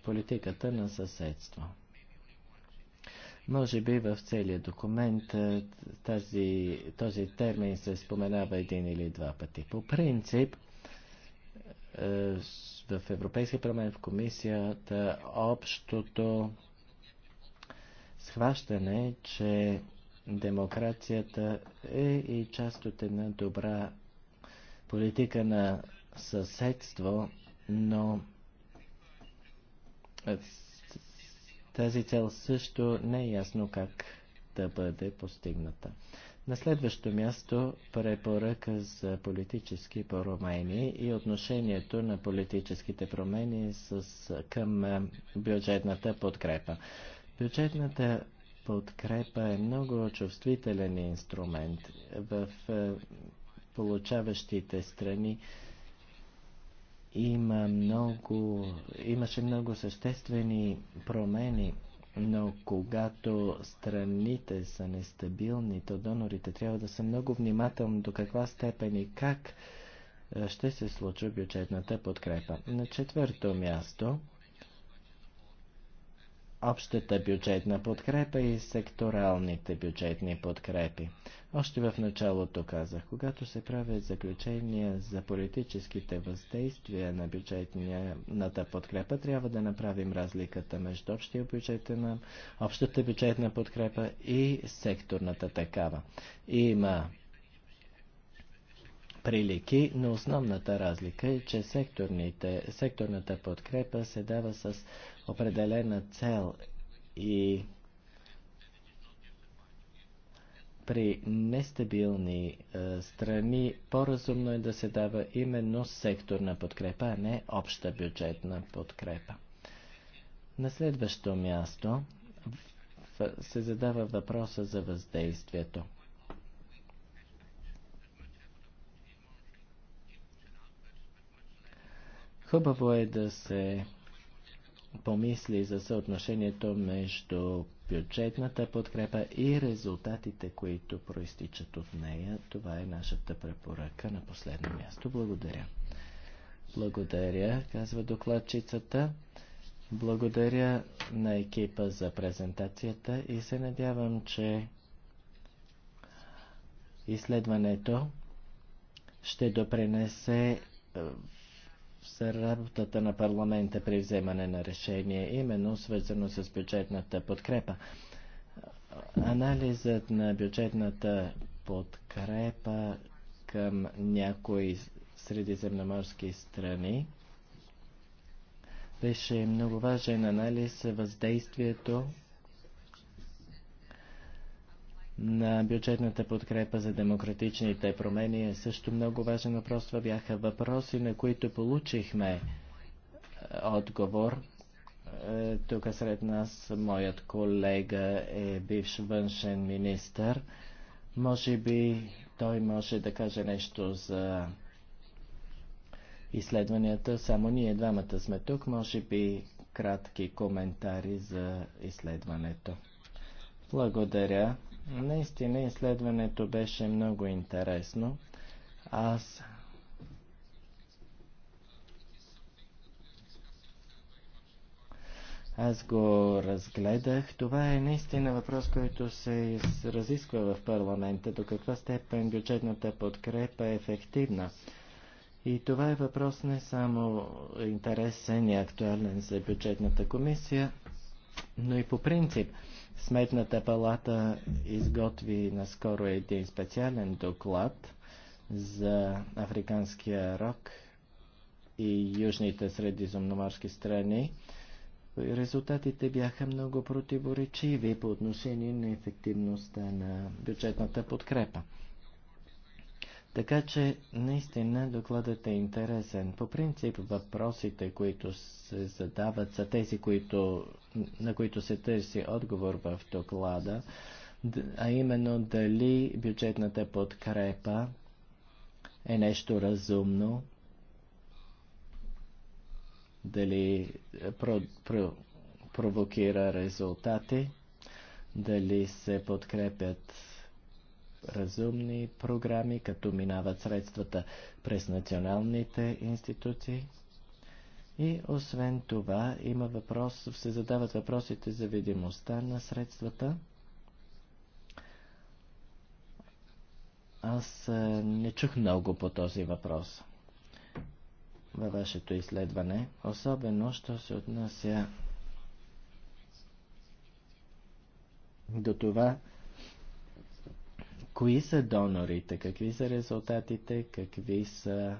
политиката на съседство. Може би в целия документ тази, този термин се споменава един или два пъти. По принцип, е, в Европейския парламент, в комисията, общото схващане, че демокрацията е и част от една добра политика на съседство, но тази цел също не е ясно как да бъде постигната. На следващо място препоръка за политически промени и отношението на политическите промени с, към е, бюджетната подкрепа. Бюджетната подкрепа е много чувствителен инструмент. В е, получаващите страни има много, имаше много съществени промени но когато страните са нестабилни, то донорите трябва да са много внимателни до каква степен и как ще се случи бюджетната подкрепа. На четвърто място общата бюджетна подкрепа и секторалните бюджетни подкрепи. Още в началото казах, когато се правят заключения за политическите въздействия на бюджетната подкрепа, трябва да направим разликата между общия бюджетна, общата бюджетна подкрепа и секторната такава. Има прилики, но основната разлика е, че секторните, секторната подкрепа се дава с определена цел и при нестабилни е, страни по-разумно е да се дава именно секторна подкрепа, а не обща бюджетна подкрепа. На следващо място се задава въпроса за въздействието. Хубаво е да се помисли за съотношението между бюджетната подкрепа и резултатите, които проистичат от нея. Това е нашата препоръка на последно място. Благодаря. Благодаря, казва докладчицата. Благодаря на екипа за презентацията и се надявам, че изследването ще допренесе е, за работата на парламента при вземане на решение, именно свързано с бюджетната подкрепа. Анализът на бюджетната подкрепа към някои средиземноморски страни беше много важен анализ въздействието на бюджетната подкрепа за демократичните промени е също много важен въпрос. Това бяха въпроси, на които получихме е, отговор. Е, тук сред нас моят колега е бивш външен министр. Може би той може да каже нещо за изследванията. Само ние двамата сме тук. Може би кратки коментари за изследването. Благодаря. Наистина изследването беше много интересно. Аз Аз го разгледах. Това е наистина въпрос, който се разисква в парламента. До каква степен бюджетната подкрепа е ефективна? И това е въпрос не само интересен и актуален за бюджетната комисия, но и по принцип. Сметната палата изготви наскоро един специален доклад за африканския рок и южните средиземноморски страни. Резултатите бяха много противоречиви по отношение на ефективността на бюджетната подкрепа. Така че, наистина, докладът е интересен. По принцип, въпросите, които се задават, са тези, които, на които се търси отговор в доклада, а именно дали бюджетната подкрепа е нещо разумно, дали про, про, провокира резултати, дали се подкрепят разумни програми, като минават средствата през националните институции. И освен това има въпрос, се задават въпросите за видимостта на средствата. Аз не чух много по този въпрос във вашето изследване, особено, що се отнася до това, кои са донорите, какви са резултатите, какви са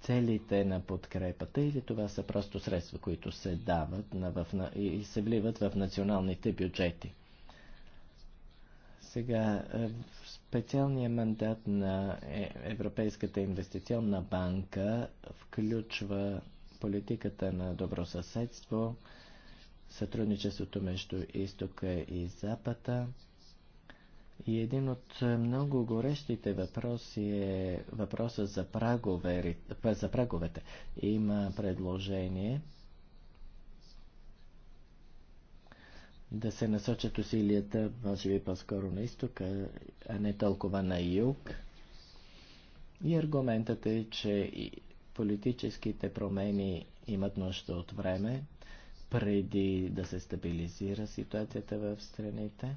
целите на подкрепата или това са просто средства, които се дават на, в, на, и се вливат в националните бюджети. Сега, е, специалният мандат на е, Европейската инвестиционна банка включва политиката на добросъседство, сътрудничеството между изтока и запада, и един от е, много горещите въпроси е въпроса за, прагове, за праговете. Има предложение да се насочат усилията, може би по-скоро на изток, а не толкова на юг. И аргументът е, че политическите промени имат нужда от време, преди да се стабилизира ситуацията в страните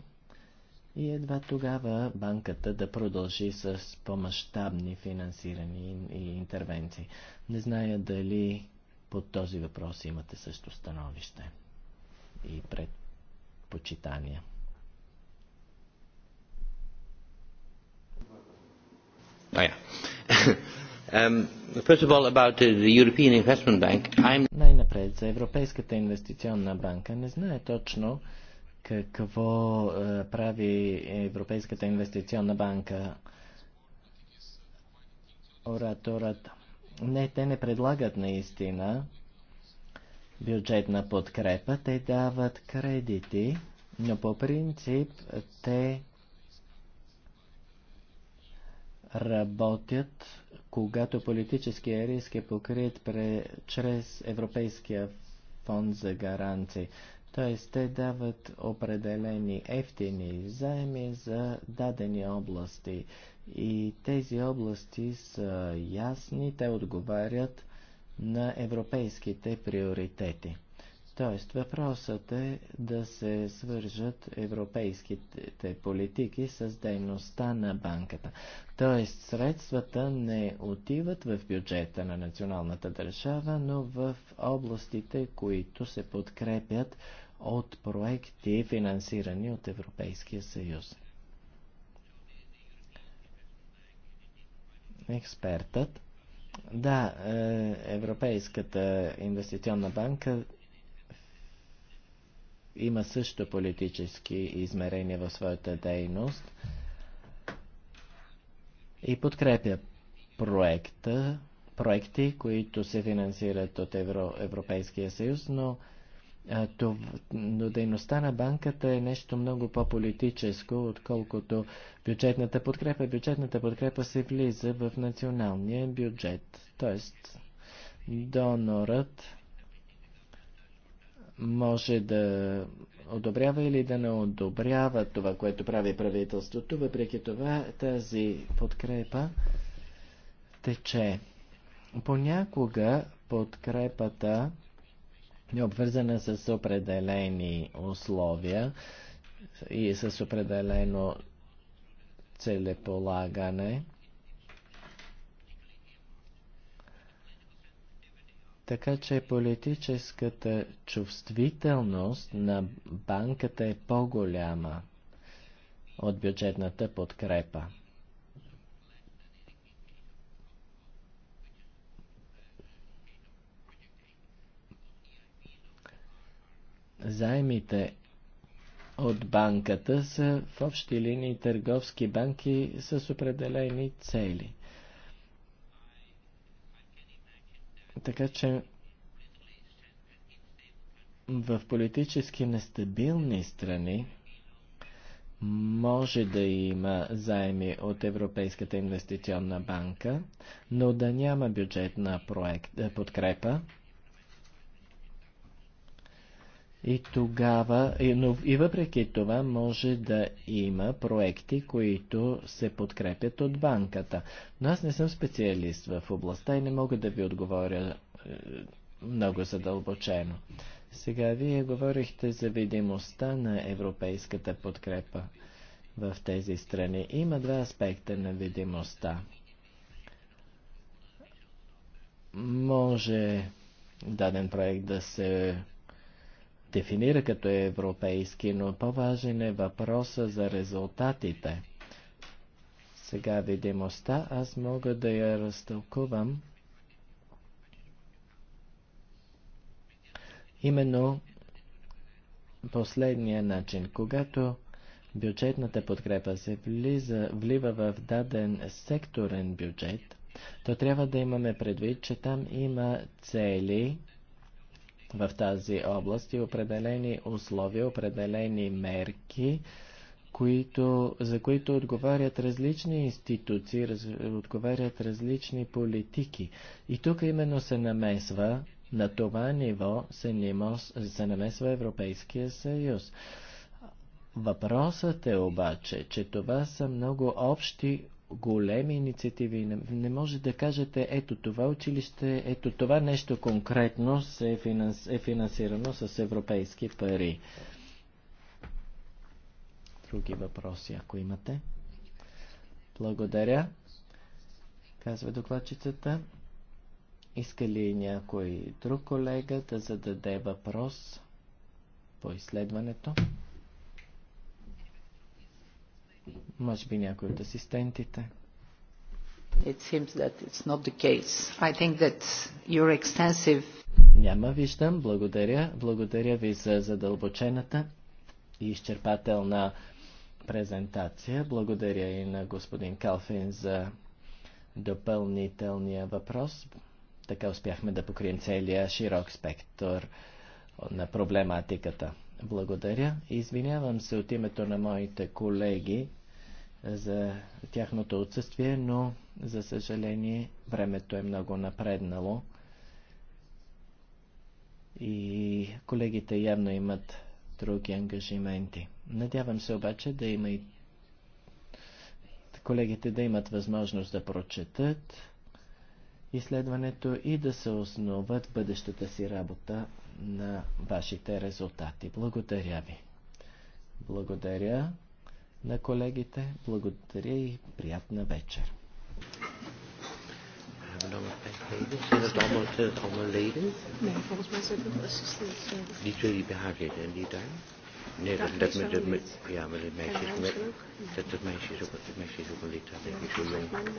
и едва тогава банката да продължи с по-масштабни финансирани и интервенции. Не зная дали по този въпрос имате също становище и предпочитания. Oh, yeah. um, first of all, about the European Investment Bank, I'm... Най-напред за Европейската инвестиционна банка не знае точно uh, какво е, прави Европейската инвестиционна банка. Ораторът. Не, те не предлагат наистина бюджетна подкрепа, те дават кредити, но по принцип те работят, когато политическия риск е покрит пре, чрез Европейския фонд за гаранции. Т.е. те дават определени ефтини заеми за дадени области. И тези области са ясни, те отговарят на европейските приоритети. Т.е. въпросът е да се свържат европейските политики с дейността на банката. Тоест средствата не отиват в бюджета на националната държава, но в областите, които се подкрепят от проекти, финансирани от Европейския съюз. Експертът. Да, е, Европейската инвестиционна банка има също политически измерения в своята дейност и подкрепя проекта, проекти, които се финансират от Евро, Европейския съюз, но но дейността на банката е нещо много по-политическо, отколкото бюджетната подкрепа. Бюджетната подкрепа се влиза в националния бюджет, т.е. донорът може да одобрява или да не одобрява това, което прави правителството. Въпреки това тази подкрепа тече. Понякога подкрепата обвързана с определени условия и с определено целеполагане. Така че политическата чувствителност на банката е по-голяма от бюджетната подкрепа. заемите от банката са в общи линии търговски банки с определени цели. Така че в политически нестабилни страни може да има заеми от Европейската инвестиционна банка, но да няма бюджетна проект, е, подкрепа. И тогава, но и въпреки това може да има проекти, които се подкрепят от банката. Но аз не съм специалист в областта и не мога да ви отговоря е, много задълбочено. Сега вие говорихте за видимостта на европейската подкрепа в тези страни. Има два аспекта на видимостта. Може даден проект да се дефинира като европейски, но по-важен е въпроса за резултатите. Сега видимостта аз мога да я разтълкувам именно последния начин. Когато бюджетната подкрепа се влиза, влива в даден секторен бюджет, то трябва да имаме предвид, че там има цели, в тази област и определени условия, определени мерки, които, за които отговарят различни институции, раз, отговарят различни политики. И тук именно се намесва, на това ниво се, нимо, се намесва Европейския съюз. Въпросът е обаче, че това са много общи големи инициативи. Не, не може да кажете, ето това училище, ето това нещо конкретно се е, финанс, е финансирано с европейски пари. Други въпроси, ако имате. Благодаря, казва докладчицата. Иска ли някой друг колега да зададе въпрос по изследването? Може би някой от асистентите. It seems that it's not the case. I think that your extensive... Няма, виждам. Благодаря. Благодаря ви за задълбочената и изчерпателна презентация. Благодаря и на господин Калфин за допълнителния въпрос. Така успяхме да покрием целия широк спектър на проблематиката. Благодаря. Извинявам се от името на моите колеги, за тяхното отсъствие, но за съжаление времето е много напреднало и колегите явно имат други ангажименти. Надявам се обаче да има и колегите да имат възможност да прочетат изследването и да се основат в бъдещата си работа на вашите резултати. Благодаря ви. Благодаря на колегите. Благодаря и приятна вечер. Nee, volgens mij zijn dat assistenten. Die jullie behaagden en die daar? Nee, dat, dat, dat, dat, ja, maar dat meisje is, dat, dat meisje is ook, dat meisje is ook een lid, dat denk ik zo jong.